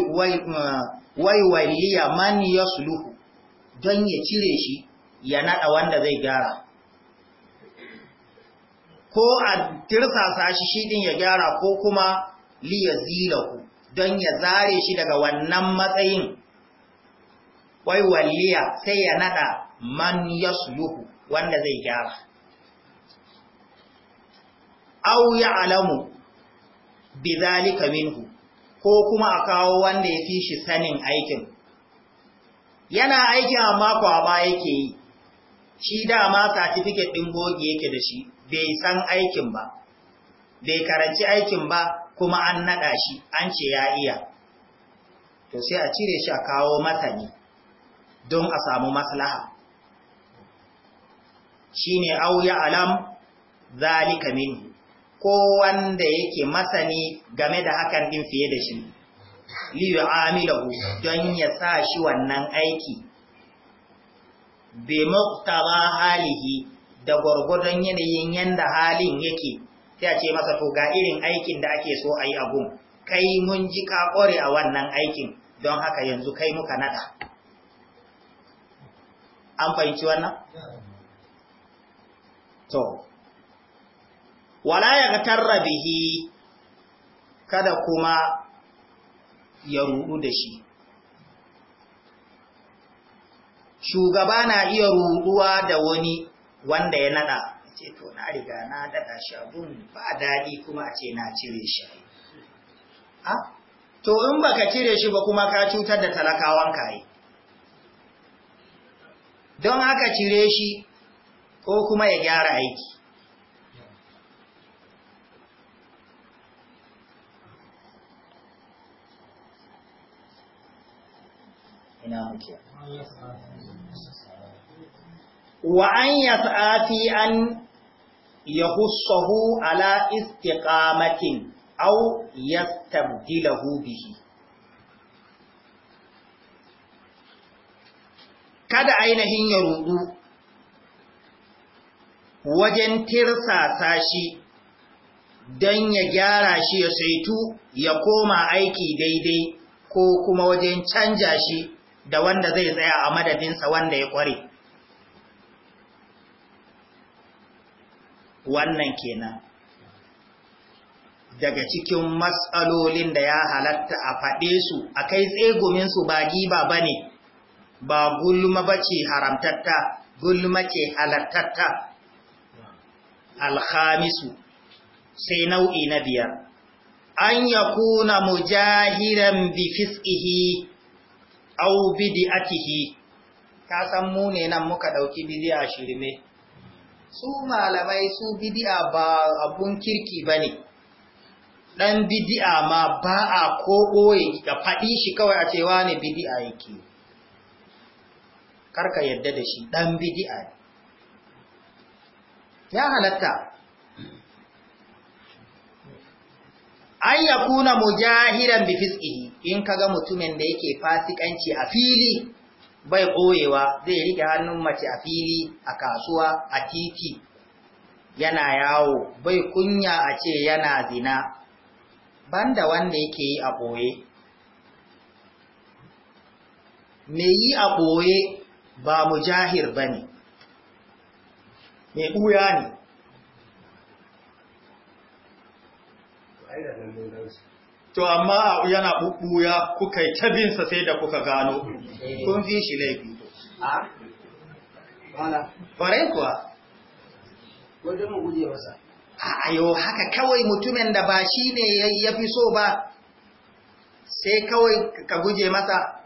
waiwaliya man yasluhu don ya cire shi ya naɗa wanda zai gyara ko a tirsasa shi shi din ya gyara ko kuma liyazilahu don ya zare shi daga wannan matsayin wai walliya sai ya nada man yasluhu wanda zai gyara ya alamu, bidhalika minhu ko kuma a kawo wanda ya fi shi sanin aikin yana aiki amma ba yake yi shi dama certificate din goge yake da shi bai san aikin ba bai karanci aikin ba kuma an naɗa shi an ce ya iya to sai a cire shi a kawo masani don a samu maslaha shine au ya alam zalika minhu ko wanda yake masani game da hakan din fiye da shi liyu amilahu don ya sa shi wannan aiki bi muqtaba halihi da gwargwadon yanayin yanda halin yake sai a ce masa to ga irin aikin da ake so a yi a gun kai mun ji ka ƙware a wannan aikin don haka yanzu kai muka nada an fahimci wannan to wala ya tarra bihi kada kuma ya ruɗu da shi shugaba na iya ruɗuwa da wani wanda ya nada ce to na riga na dada abun ba daɗi kuma a ce na cire shi a ah? to in baka cire shi ba kuma ka cutar da talakawan kayi don haka cire shi ko kuma ya gyara aiki ina muke wa an yas'afi an yahussahu ala istiqamatin aw yastabdilahu kada ainihin ya rudu wajen tirsasa shi don ya gyara shi ya saitu ya koma aiki daidai ko kuma wajen canja shi da wanda zai tsaya a madadinsa wanda ya kware. wannan kenan daga cikin matsalolin da ya halatta a faɗe su a kai su ba giba ba ne ba gulma ba ce haramtatta gulma ce halattatta alhamisu sai nau'i na biyar an ya kuna mu bi bifis'ihi au bidi'atihi Ta san mu ne nan muka ɗauki bidiya shirme su malamai su bidi'a ba abun kirki ba ne ɗan bidi'a ma ba a koɓoye da faɗi shi kawai a cewa ne bidi'a yake karka yadda da shi ɗan bidi'a ne ya halatta an ya kuna mujahiran bifiski in kaga mutumin da yake fasikanci a fili bai ɓoyewa zai riƙe hannun mace a fili a kasuwa a titi yana yawo bai kunya a ce yana zina banda wanda yake yi a ɓoye me yi a ɓoye ba mujahir ba ne mai ɓuya ne to amma yana ɓuɓɓuya kuka yi binsa sai da kuka gano kun fi shi laifi ƙwarai kuwa wajen mu guje masa a yau haka kawai mutumin da ba shi ne ya fi so ba sai kawai ka guje masa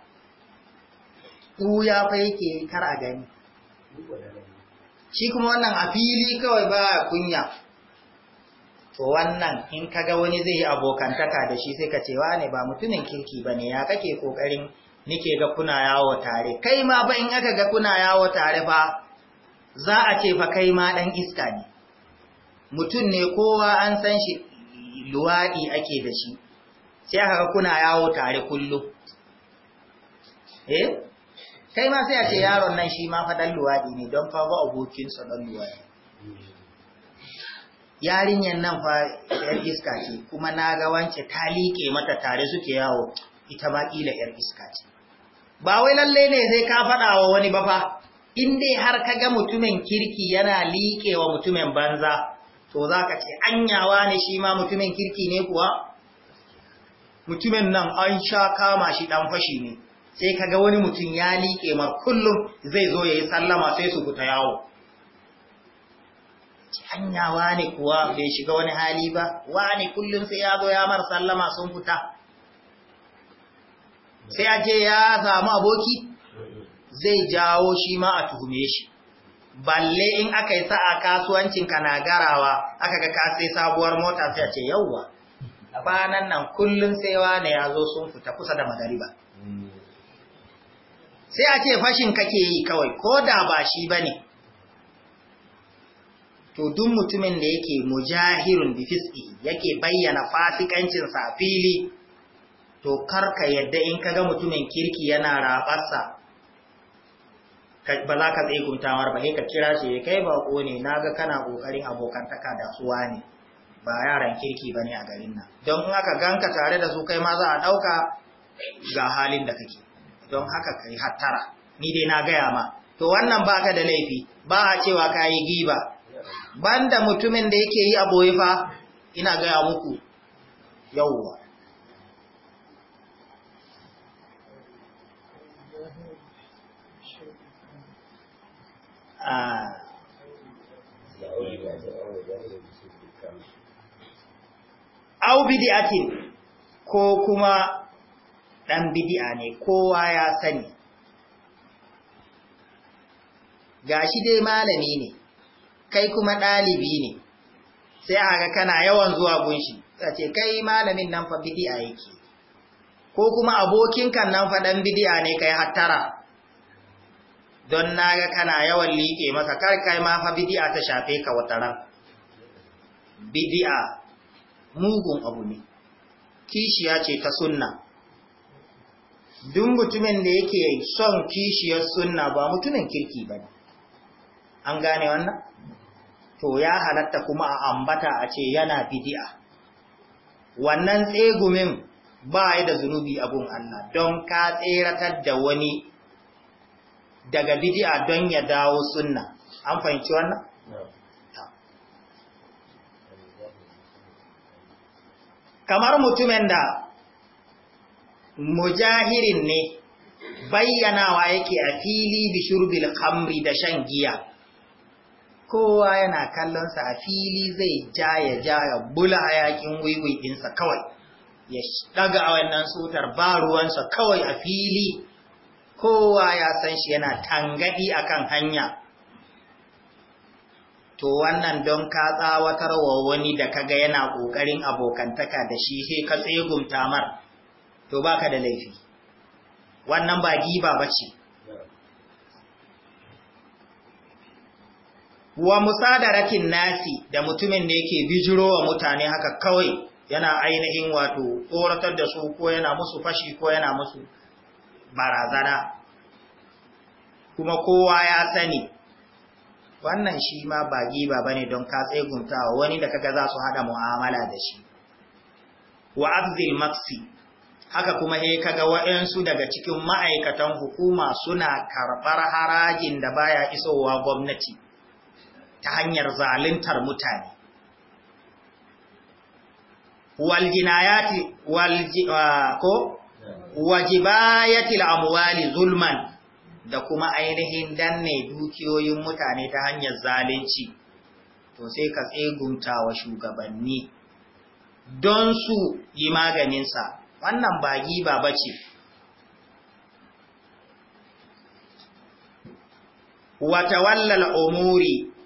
ɓuya fa yake kar a gani shi kuma wannan a fili kawai ba kunya to wannan in ga wani zai yi abokantaka da shi sai ka ce, ne ba mutumin kirki bane ya kake kokarin nike ga kuna yawo tare kai ma ba in aka ga kuna yawo tare ba, za a ce fa kai ma dan iska ne mutum ne kowa an san shi luwadi ake da shi sai aka ga kuna yawo tare kullum eh kai ma sai a ce yaron nan shi ma fa dan luwadi ne don fa ba abokin sa dan luwadi yarinyar nan fa yar iska ce kuma na ga wance ta liƙe mata tare suke yawo ita ba ƙila yar iska ce ba wai lalle ne sai ka faɗa wa wani ba fa in dai har ka ga mutumin kirki yana liƙe wa mutumin banza to za ka ce anyawa ne shi ma mutumin kirki ne kuwa mutumin nan an sha kama shi ɗan fashi ne sai ka ga wani mutum ya liƙe ma kullum zai zo ya yi sallama sai su fita yawo hanya wane kuwa bai shiga wani hali ba wane kullum sai ya zo ya mara sallama sun fita sai a ce ya samu aboki zai jawo shi ma a tuhume shi balle in aka yi sa'a kasuwancinka na garawa aka ga kasai sabuwar mota sai ce yauwa a banan nan kullum sai wane ya zo sun fita kusa da magariba mm. sai a ce fashin kake yi kawai ko da ba shi ba ne to duk mutumin da yake mujahirun bi fiski yake bayyana fasikancin sa fili to karka yadda in kaga mutumin kirki yana rabarsa ba za ka tsaye kuntawar ba ka kira shi ya kai bako ne naga kana kokarin abokantaka da suwa ne ba yaran kirki bane a garin nan don in aka ganka tare da su kai ma za a dauka ga halin da kake don haka kai hattara ni dai na gaya ma to wannan baka da laifi ba a cewa kayi giba banda mutumin da yake yi a boye fa ina gaya muku yauwa ah. au Au bidi'atin ko kuma ɗan bidi'a ne kowa ya sani. Gashi dai malami ne. kai kuma ɗalibi ne sai a ga kana yawan zuwa gunshi ta ce kai malamin nan fa bidiya yake ko kuma kan nan fa ɗan bidiya ne kai hattara don na ga kana yawan liƙe masa kar kai ma fa bidiya ta shafe ka wataran bidiya mugun abu ne kishiya ce ta sunna duk mutumin da yake son kishiyar sunna ba mutumin kirki ba an gane wannan to ya halatta kuma a ambata a ce yana bidi'a wannan tsegumin ba ya da zunubi abun Allah don ka tseratar da wani daga bidi'a don ya dawo sunna an fahimci wannan kamar mutumin da mujahirin ne bayyanawa yake a fili shurbil khamri da shan giya kowa yana kallonsa a fili zai ja ya ja ya bula hayakin wiwi ɗinsa kawai ya daga a wannan sutar ba ruwansa kawai a fili kowa ya san shi yana tangadi kan hanya to wannan don ka tsawatar wa wani da kaga yana ƙoƙarin abokantaka da shi sai ka tsegumta mar to baka da laifi wannan ba giba ce. wa rakin nasi da mutumin da yake bijiro wa mutane haka kawai yana ainihin wato tsoratar da su ko yana musu fashi ko yana musu barazana kuma kowa ya sani wannan shi ma ba giba ne don ka tseguntawa wani da kaga za su hada mu'amala da shi wa abdil maksi haka kuma he kaga waɗansu daga cikin ma'aikatan hukuma suna karɓar harajin da baya isowa gwamnati ta hanyar zaluntar mutane wal jinayati wal ah, ko wajibayatil amwali zulman da kuma ainihin danne dukiyoyin mutane ta hanyar zalunci to sai ka tsegunta wa shugabanni don su yi maganinsa wannan ba giba ba ce wata wallal umuri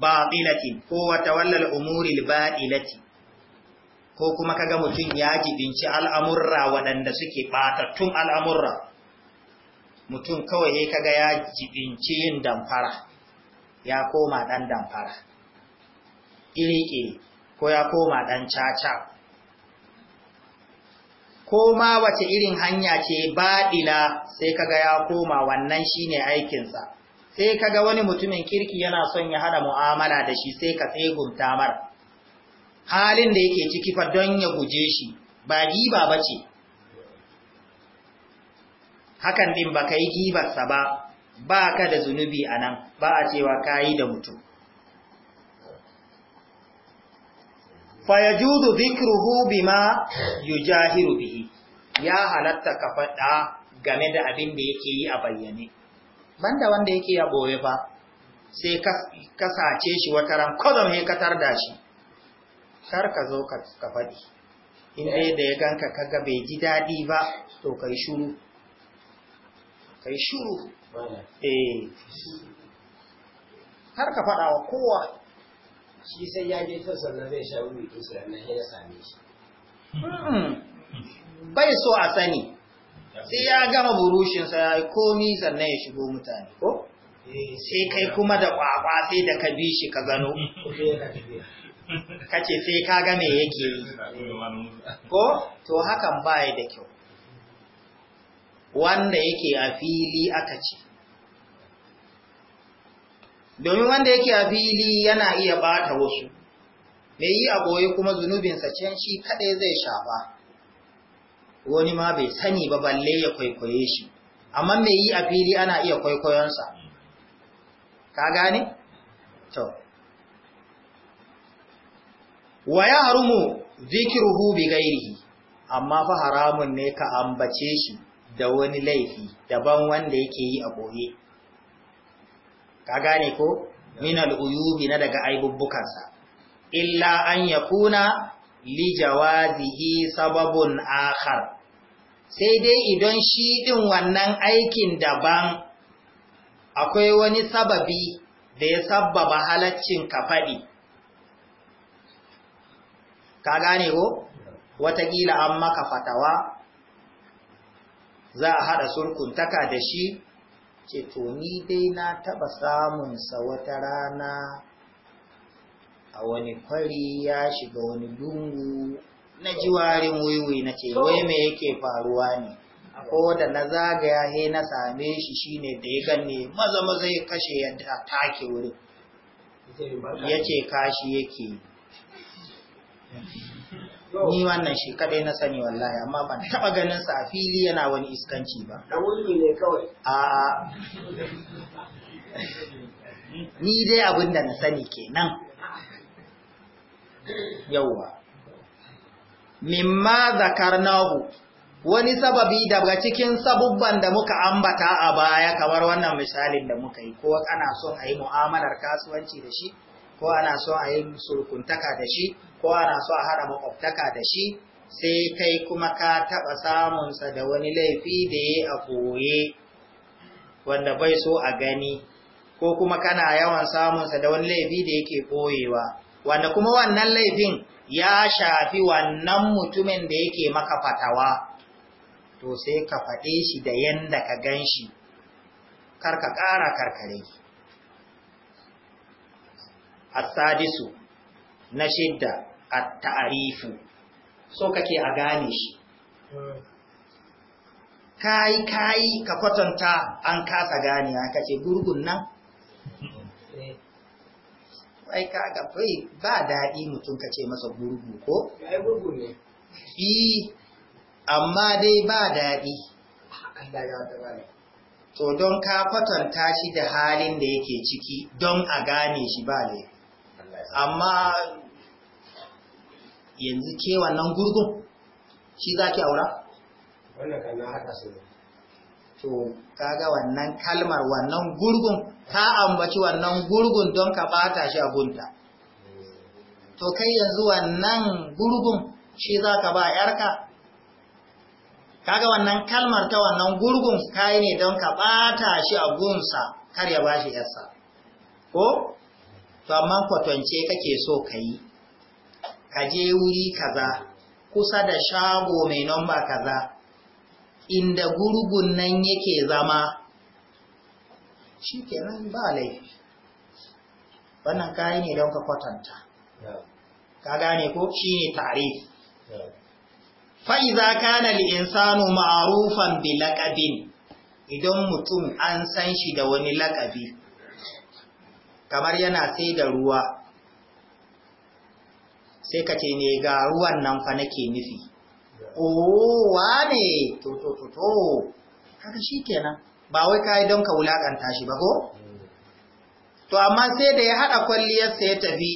batilati ko wata wallal umuri batilati ko kuma kaga mutum ya jibinci al'amurra waɗanda suke batattun al'amurra mutum kawai ya kaga ya jibinci yin damfara ya koma ɗan damfara iri ko ya koma ɗan caca ko ma wace irin hanya ce baɗila sai kaga ya koma wannan shine aikinsa sai ka ga wani mutumin kirki yana son ya hada mu'amala da shi sai ka tsegunta mar halin da yake ciki fa don ya guje shi ba giba bace hakan din ba kai gibarsa ba ba ka da zunubi a nan, ba a cewa kayi da mutum fa yajudu dhikruhu bima yujahiru bihi ya halatta ka faɗa game da abin da yake yi a bayyane banda wanda yake ya boye fa sai ka sace shi wata ran kodon he ka tarda shi kar ka zo ka faɗi in dai da ya ganka kaga bai ji daɗi ba to kai shuru kai shuru eh har ka faɗa wa kowa shi sai ya je ta sannan zai sha wuri ɗinsa na ya same shi hmm. bai so a sani sai ya gama burushinsa ya yi komi sannan ya shigo mutane ko sai kai kuma da kwakwa sai da ka bi shi ka gano kace sai ka ga yake yi ko to hakan baya da kyau wanda yake a fili aka ce domin wanda yake a fili yana iya bata wasu mai yi a goye kuma zunubinsa can shi kadai zai shafa wani ma bai sani ba balle ya kwaikwaye shi amma mai yi a fili ana iya kwaikwayonsa ka gane? to wa ya harumu zikiruhu bi gairihi amma fa haramun ne ka ambace shi da wani laifi daban wanda yake yi a boye ka gane ko min uyubi na daga aibubbukansa illa an yakuna li jawazihi sababun akhar sai dai idan shi din wannan aikin daban akwai wani sababi da ya sababa halaccin ka faɗi. Ka gane ko? Wataƙila an maka fatawa, za a haɗa surkuntaka da shi, ce, To, ni dai na taɓa samunsa wata rana a wani kwari ya shiga wani dungu na ji warin wiwi na ce wai me yake faruwa ne ko da na zagaya he na same shi shine da ya ganne maza maza ya kashe yadda take wurin ya ce kashi yake ni wannan shi kadai na sani wallahi amma ban taba ganin sa a fili yana wani iskanci ba da wuri ne kawai a ni dai abin da na sani kenan yawa mimma zakarnahu wani sababi daga cikin sabubban da muka ambata a baya kamar wannan misalin da muka yi ko ana son a yi mu'amalar kasuwanci da shi ko ana son a yi surkuntaka da shi ko ana son a haɗa makwabtaka da shi sai kai kuma ka taɓa samunsa da wani laifi da ya a koye wanda bai so a gani ko kuma kana yawan samunsa da wani laifi da yake koyewa wanda kuma wannan laifin ya shafi wannan mutumin da yake maka fatawa to sai ka faɗe shi da yanda ka gan shi karka ƙara karkare asadisu na shidda a ta'arifu so kake a gane shi kayi kayi ka kwatanta an kasa gane ka ce gurgun nan ai ga fai ba daɗi mutum ka ce masa gurgu ko? Ya gurgu ne. Yi, amma dai ba daɗi. Allah ya To don ka kwatanta shi da halin da yake ciki don a gane shi ba ne. Amma yanzu ke wannan gurgun shi za aura? Wannan kan na haɗa to kaga wannan kalmar wannan gurgun ka ambaci wannan gurgun don ka bata shi a gunta to kai yanzu wannan gurgun shi za ka ba yarka kaga wannan kalmar ta wannan gurgun kai ne don ka bata shi a gunsa kar ya bashi yarsa ko to amma kwatance kake so ka yi ka je wuri kaza kusa da shago mai nomba kaza inda gurgun nan yake zama shi kenan ba laifi wannan kayi ne don ka kwatanta ka gane ko shi ne tare fa'iza kana sanu ma'arufan bi laƙabin idan mutum an san shi da wani laƙabi kamar yana sai da ruwa sai ka ce ne ga ruwan nan fa nake nufi kowa oh, ne to to to to kaga kenan. ba wai kai don ka wulakanta shi ba ko to amma sai da ya hada kwalliyarsa ya tafi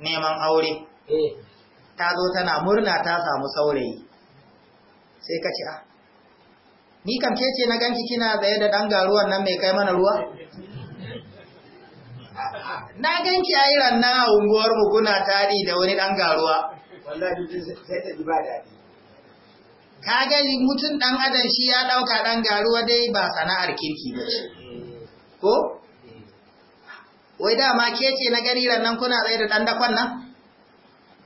neman aure eh. ta zo tana murna ta samu saurayi sai ka ce a ah, ni kam ke ce na ganki kina tsaye da dan garuwan nan mai kai mana ruwa na ganki ayi ranna a unguwar mu kuna tari da wani dan garuwa wallahi sai ta ji ba dadi ka gani mutum ɗan adam shi ya ɗauka ɗan garuwa dai ba sana'ar kirki ba ce ko wai dama ke ce na gani nan kuna tsaye da ɗandakon nan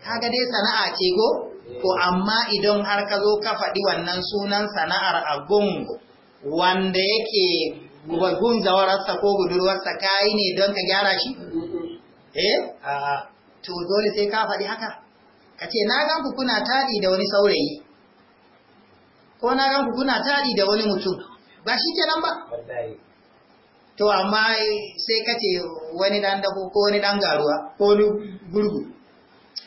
dai sana'a ce ko ko amma idan har ka zo ka faɗi wannan sunan sana'ar gungu wanda yake gun zawararsa ko budurwarsa kayi ne don ka gyara shi eh to dole sai ka faɗi haka ka ce na gan ku kuna taɗi da wani saurayi ko na gan ku kuna tari da wani mutum ba shi ke nan ba to amma sai ka ce wani dan dako ko wani dan garuwa ko wani gurgu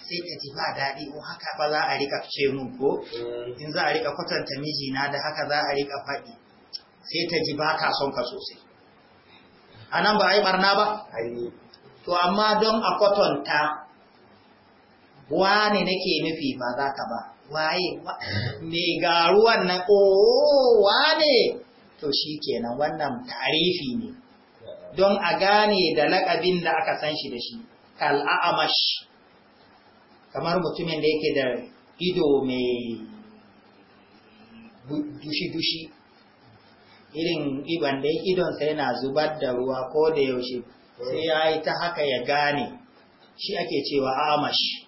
sai ka ji ba daɗi ko oh, haka ba za a rika ce mun ko eh. in za a rika kwatanta mijina da haka za a rika faɗi sai ta ji ba ka son ka sosai a nan ba a yi ɓarna ba to amma don a kwatanta wane nake nufi ba za ka ba waye me ga ruwan nan oh wane to shi kenan wannan tarifi ne don a gane da laƙabin da aka san shi da shi kal a'amash kamar mutumin da yake da ido mai dushi-dushi irin iban da idonsa yana zubar da ruwa ko da yaushe sai ya yi ta haka ya gane shi ake cewa amash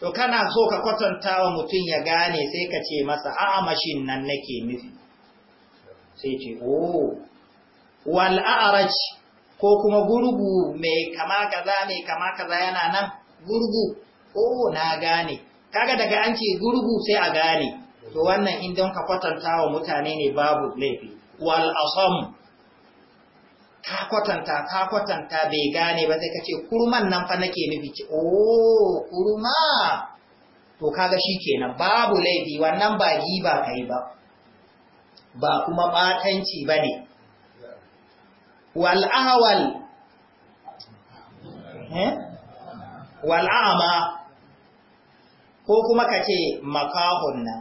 to kana so ka kwatanta wa mutum ya gane sai ka ce masa a'amashin nan nake nufi sai ce oh wal a'raj ko kuma gurgu mai kama kaza mai kama kaza yana nan gurgu oh na gane kaga daga an ce gurgu sai a gane to wannan indan ka kwatanta wa mutane ne babu laifi wal asam ka kwatanta ka kwatanta bai gane ba sai kace kurman nan fa nake nufi ki oh kurma to kaga shikenan babu laifi wannan ba giba kai ba ba kuma batanci bane wal ahwal eh ko kuma ka ce makahon nan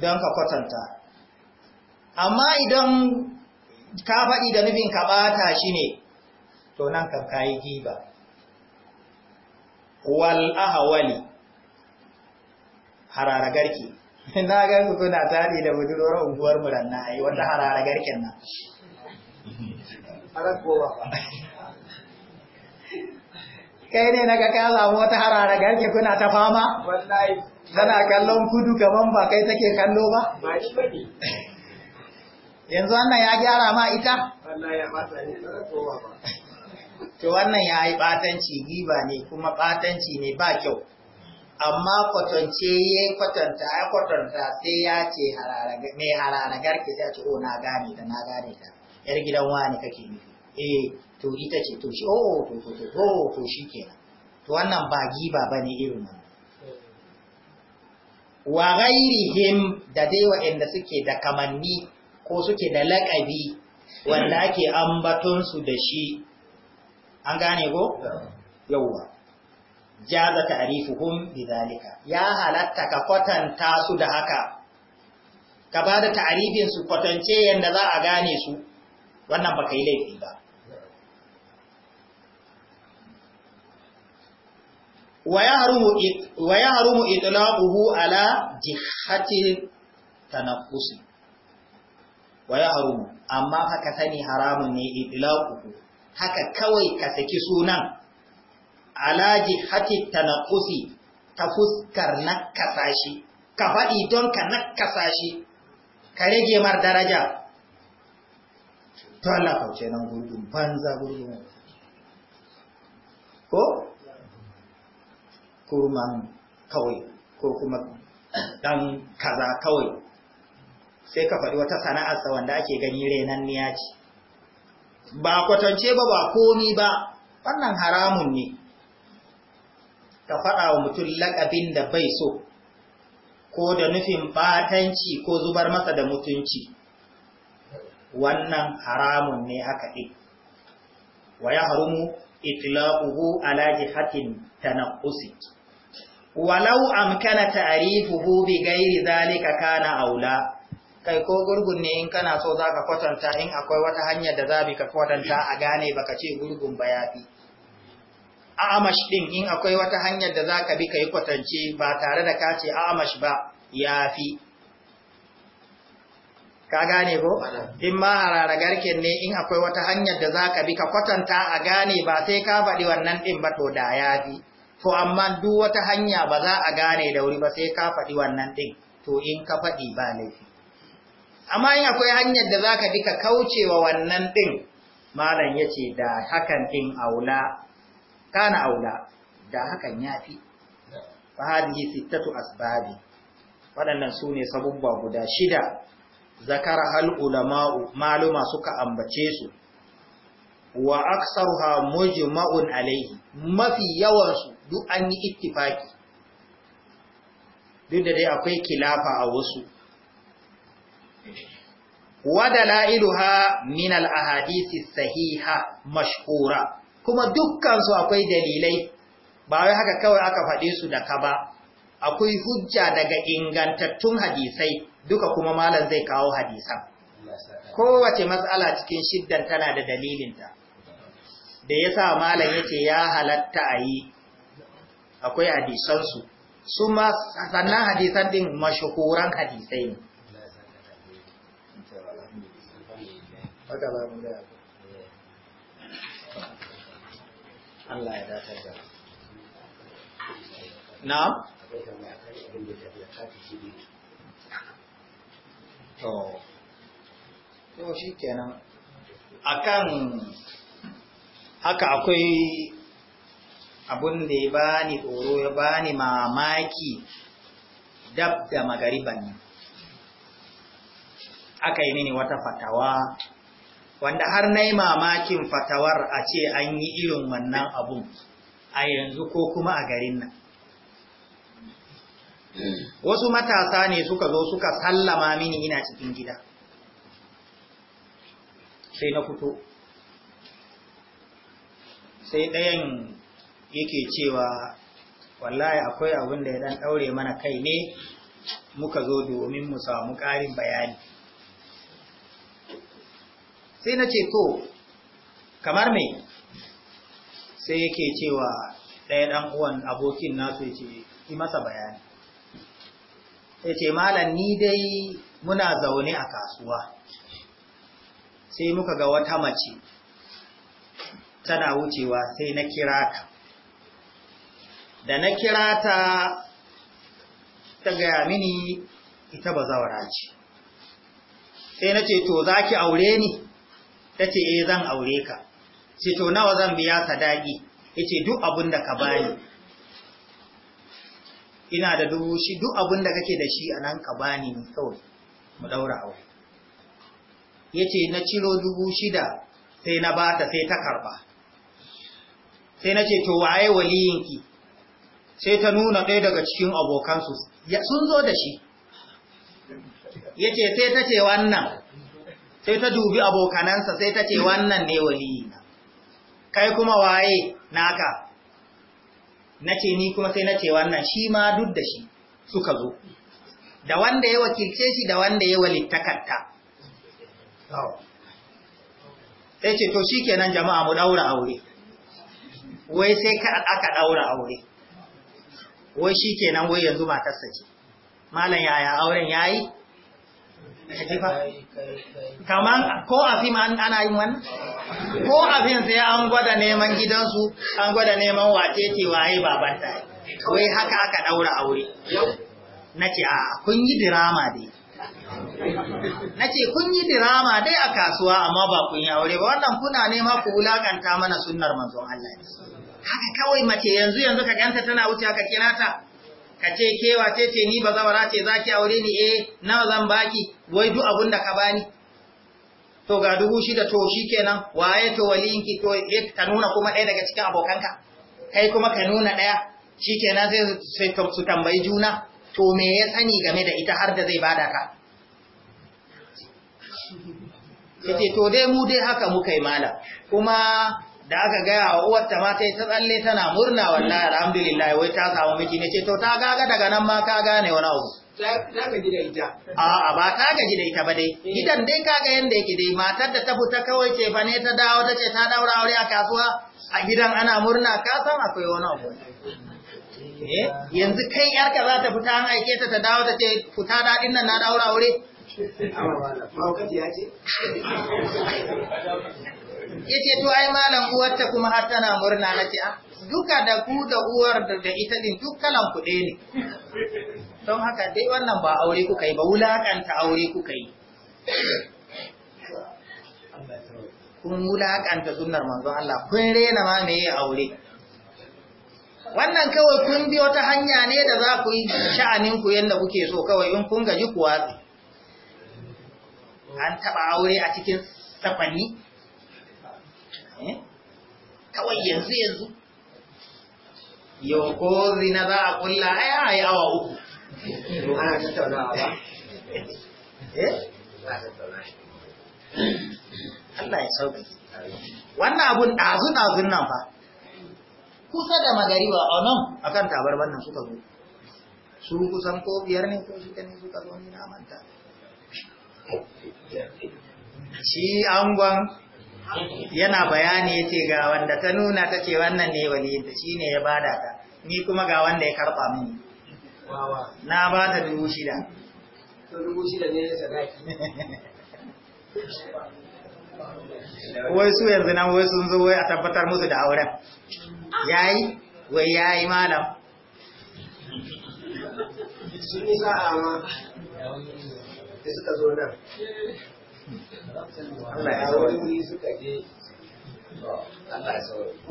don ka kwatanta. Amma idan ka faɗi da nufin ka ɓata shi ne to nan ka kayi giba wal ahawali hararagarki na gan ku kuna tare da budurwar unguwar mu na yi. wata hararagarkin nan kai ne na ka samu wata hararagarki kuna ta fama wallahi Zana kallon kudu gaban ba kai take kallo ba ba shi yanzu wannan ya gyara ma ita? To wannan ya yi ɓatanci giba ne kuma ɓatanci ne ba kyau, amma kwatance ya kwatanta ya kwatanta sai ya ce mai harara garke ta ce o oh, na gane ta na gane ta yar gidan wani kake nufi eh to ita ce to shi o oh, to to to oh, to shi ke to wannan ba giba ba ne irin nan wa gairihim da dai inda suke da kamanni ko suke da laƙabi wanda ake ambatonsu da shi an gane ko? yauwa jaza ta'rifuhum bidhalika ya halatta ka kwatanta su da haka ka bada ta'rifin su kwatance yanda za a gane su wannan baka yi laifi ba wa harumu itlaquhu ala jihati tanaffusi wa ya harumu amma haka sani haramun ne idlaquhu haka kawai ka saki sunan alaji hati tanqusi ta fuskar nakasashi. ka faɗi don ka nakasashi. ka rage mar daraja to Allah kauce nan gurgun banza gurgun ko kurman kawai ko kuma dan kaza kawai sai ka faɗi wata sana'arsa wanda ake gani niya ce ba kwatance ba ba komi ba wannan haramun ne ka faɗa wa mutum laƙabin da bai so ko da nufin batanci ko zubar masa da mutunci wannan haramun ne haka ɗin wa ya harumu itlaquhu ta na tanaqqusi walau amkana ta'rifuhu bi gairi zalika kana aula kai ko gurgun ne in kana so za ka kwatanta in akwai wata hanyar da za bi ka kwatanta a gane baka ce gurgun ba ya fi a amash ɗin in akwai wata hanyar da za ka bi ka yi kwatance ba tare da ka ce a amash ba ya fi ka gane ko in ma harara garken ne in akwai wata hanyar da za ka bi ka kwatanta a gane ba sai ka faɗi wannan ɗin ba to da ya fi to amma duk wata hanya ba za a gane da wuri ba sai ka faɗi wannan ɗin to in ka faɗi ba laifi amma in akwai hanyar da zaka bi ka wa wannan ɗin? malam yace da hakan din aula kana aula da hakan yafi fa hadhihi sittatu asbabi waɗannan sune sabubba guda shida zakara hal ulama maluma suka ambace su wa aksaruha mujma'un alaihi mafi yawan su duk an yi ittifaki duk da dai akwai kilafa a wasu wadala min minal ahadisi sahiha mashhura kuma dukkansu akwai dalilai ba wai haka kawai aka faɗe su da ka ba akwai hujja daga ingantattun hadisai duka kuma malam zai kawo hadisan kowace matsala cikin shiddan tana da dalilinta da yasa malam yace ya halatta ayi akwai hadisan su su ma sannan hadisan din mashhuran hadisai ne haka za mu gaya Allah ya dace na to yau shi kenan akan haka akwai abun da ya bani tsoro ya bani mamaki dab da magariban aka yi mini wata fatawa wanda har na yi mamakin fatawar a ce an yi irin wannan abun a yanzu ko kuma a garin nan wasu matasa ne suka zo suka sallama mini ina cikin gida sai na fito sai ɗayan yake cewa wallahi akwai abin da ya ɗan ɗaure mana kai ne muka zo domin mu samu ƙarin bayani sai na ce ko kamar me sai yake cewa ɗaya ɗan uwan abokin nasu ya ce yi masa bayani ya ce malam ni dai muna zaune a kasuwa sai muka ga wata mace tana wucewa sai na kira ta da na kira ta ta gaya mini ita ba zaura ce sai na ce to za ki aure ni ta ce eh zan aure ka ce to nawa zan biya sadaki yace duk abin da ka bani ina da dubu shi duk abin da kake da shi anan ka bani ne kawai mu daura aure yace na ciro dubu shida sai na bata sai ta karba sai na ce to waye waliyinki sai ta nuna ɗaya daga cikin abokansu sun zo da shi yace sai ta ce wannan sai ta dubi abokanansa sai ta ce wannan ne waliyina kai kuma waye naka nace ni kuma sai nace wannan shi ma duk da shi suka zo da wanda ya wakilce shi da wanda ya walittakarta sai ce to shikenan jama'a mu daura aure wai sai ka aka daura aure wai shikenan wai yanzu matarsa ce malam yaya auren yayi kaman ko a fim ana yin wannan ko a fim sai an gwada neman gidansu an gwada neman wace ce waye baban ta wai haka aka daura aure na ce a kun yi dirama dai na ce kun yi dirama dai a kasuwa amma ba kun yi aure ba wannan kuna nema ku wulakanta mana sunnar manzon Allah haka kawai mace yanzu yanzu ka ganta tana wuce haka kinata. ka ce kewa ce ce ni bazawara ce za ki aure ni eh nawa zan baki wai duk abin da ka bani to ga dubu shida to shi kenan waye to waliyinki to eh, ka nuna kuma ɗaya daga cikin abokanka kai kuma ka nuna ɗaya shi kenan sai su tambayi juna to me ya sani game da ita har da zai bada ka ce to dai mu dai haka muka yi mala kuma da aka gaya wa uwarta ma ta yi ta tsalle tana murna wallahi alhamdulillah wai ta samu miji ne ce to ta gaga daga nan ma ka gane wani abu ta ka da ita a'a ba ta gaji da ita ba dai gidan dai kaga yanda yake dai matar da ta fita kawai ce fa ne ta dawo ta ce ta daura aure a kasuwa a gidan ana murna ka san akwai wani abu yanzu kai yarka za ta fita an aike ta ta dawo ta ce fita daɗin nan na daura aure ya ce to ai malam uwarta kuma har tana murna na a ah, duka da ku da uwar da ita din duk kalan kuɗe ne don haka dai wannan ba aure kuka yi ba wulakanta aure kuka yi kun wulakanta sunnar manzo Allah kun rena ma me yi aure wannan kawai kun bi wata hanya ne da za ku yi sha'anin ku yanda kuke so kawai in kun gaji ku watsi an taba aure a cikin safani kawai yanzu yanzu yau ko zina za a kulla a yi awa uku ana tattaunawa ba eh Allah ya sauƙaƙe wannan abun ɗazu ɗazun nan fa kusa da magariba a nan kan tabar wannan suka zo su kusan ko biyar ne ko shida ne suka zo ni na manta shi angon yana bayani ya ce ga wanda ta nuna ta ce wannan ne waliyinta shi ne ya bada ta ni kuma ga wanda ya karɓa mini na ba ta dubu shida wai su yanzu nan wai sun zo wai a tabbatar musu da auren yayi wai yayi malam sun yi sa'a ma da suka zo nan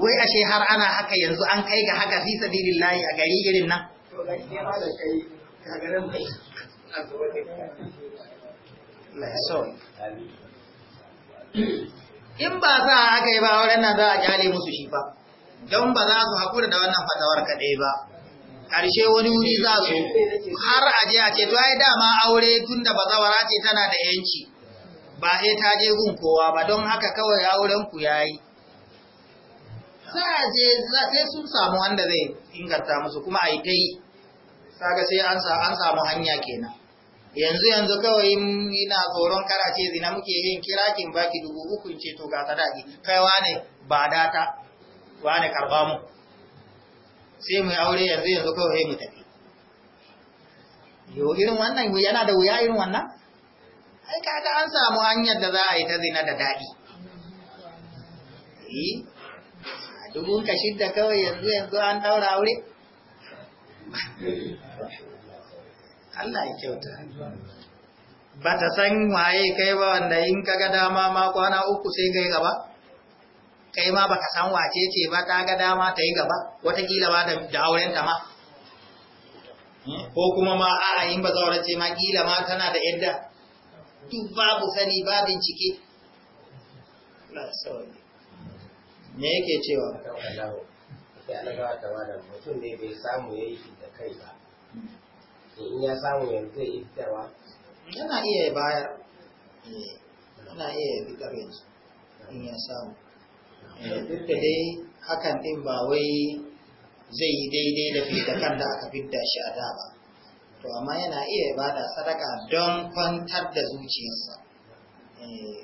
Wai ashe har ana haka yanzu an kai ga haka fi sabilillahi a gari irin nan. In ba sa aka yi ba wurin nan za a kyale musu shi ba, don ba za su haƙura da wannan fatawar kaɗai ba. Ƙarshe wani wuri za su har aje a ce, to ai dama aure tun da bazawara ce tana da ‘yanci’. ba a ta je gun kowa ba don haka kawai auren ku Za a je sai sun samu wanda zai inganta musu kuma ai yi. saka sai an samu hanya kenan yanzu yanzu kawai ina tsoron ce zina muke yin kirakin baki dubu uku ce to ga sadaki kai wane ba data wane karɓa mu sai mu aure yanzu yanzu kawai mu tafi Yau irin wannan yana da wuya irin wannan ai ta an samu hanyar da za a yi ta zina da daɗi eh a dubun ka shidda kawai yanzu yanzu an daura aure Allah ya kyauta ba ta san waye kai ba wanda in ka ga dama ma kwana uku sai kai gaba kai ma baka san wace ce ba ta ga dama ta yi gaba watakila ba da auren ta ma hmm? ko kuma ma a'a in ba zaurace ma kila ma tana da yadda duk babu sani ba bincike me yake cewa mutum ne bai samu ya yi da kai ba in ya samu yanzu zai yi fitarwa yana iya bayar eh, yana iya fitar yanzu in ya samu eh, duk da dai hakan din ba wai zai yi daidai da fitakan da aka fidda shi a da ba to amma yana iya ba da sadaka don kwantar da zuciyarsa eh.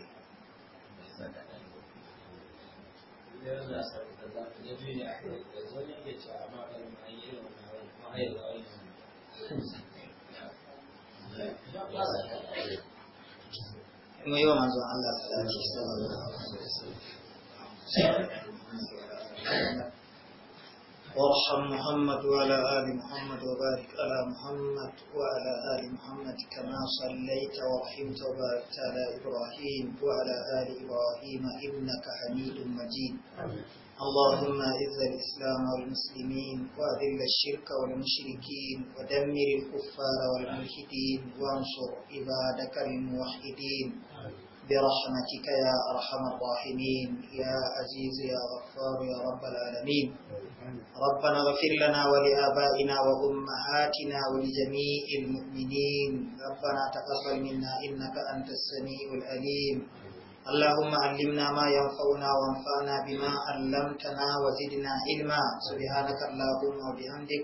mai manzon Allah وارحم محمد وعلى آل محمد وبارك على محمد وعلى آل محمد كما صليت ورحمت وباركت على إبراهيم وعلى آل إبراهيم إنك حميد مجيد اللهم أعز الإسلام والمسلمين وأذل الشرك والمشركين ودمر الكفار والملحدين وانصر عبادك الموحدين برحمتك يا أرحم الراحمين يا عزيز يا غفار يا رب العالمين ربنا اغفر لنا ولآبائنا وأمهاتنا ولجميع المؤمنين ربنا تقبل منا إنك أنت السميع العليم اللهم علمنا ما ينفعنا وانفعنا بما علمتنا وزدنا علما سبحانك اللهم وبحمدك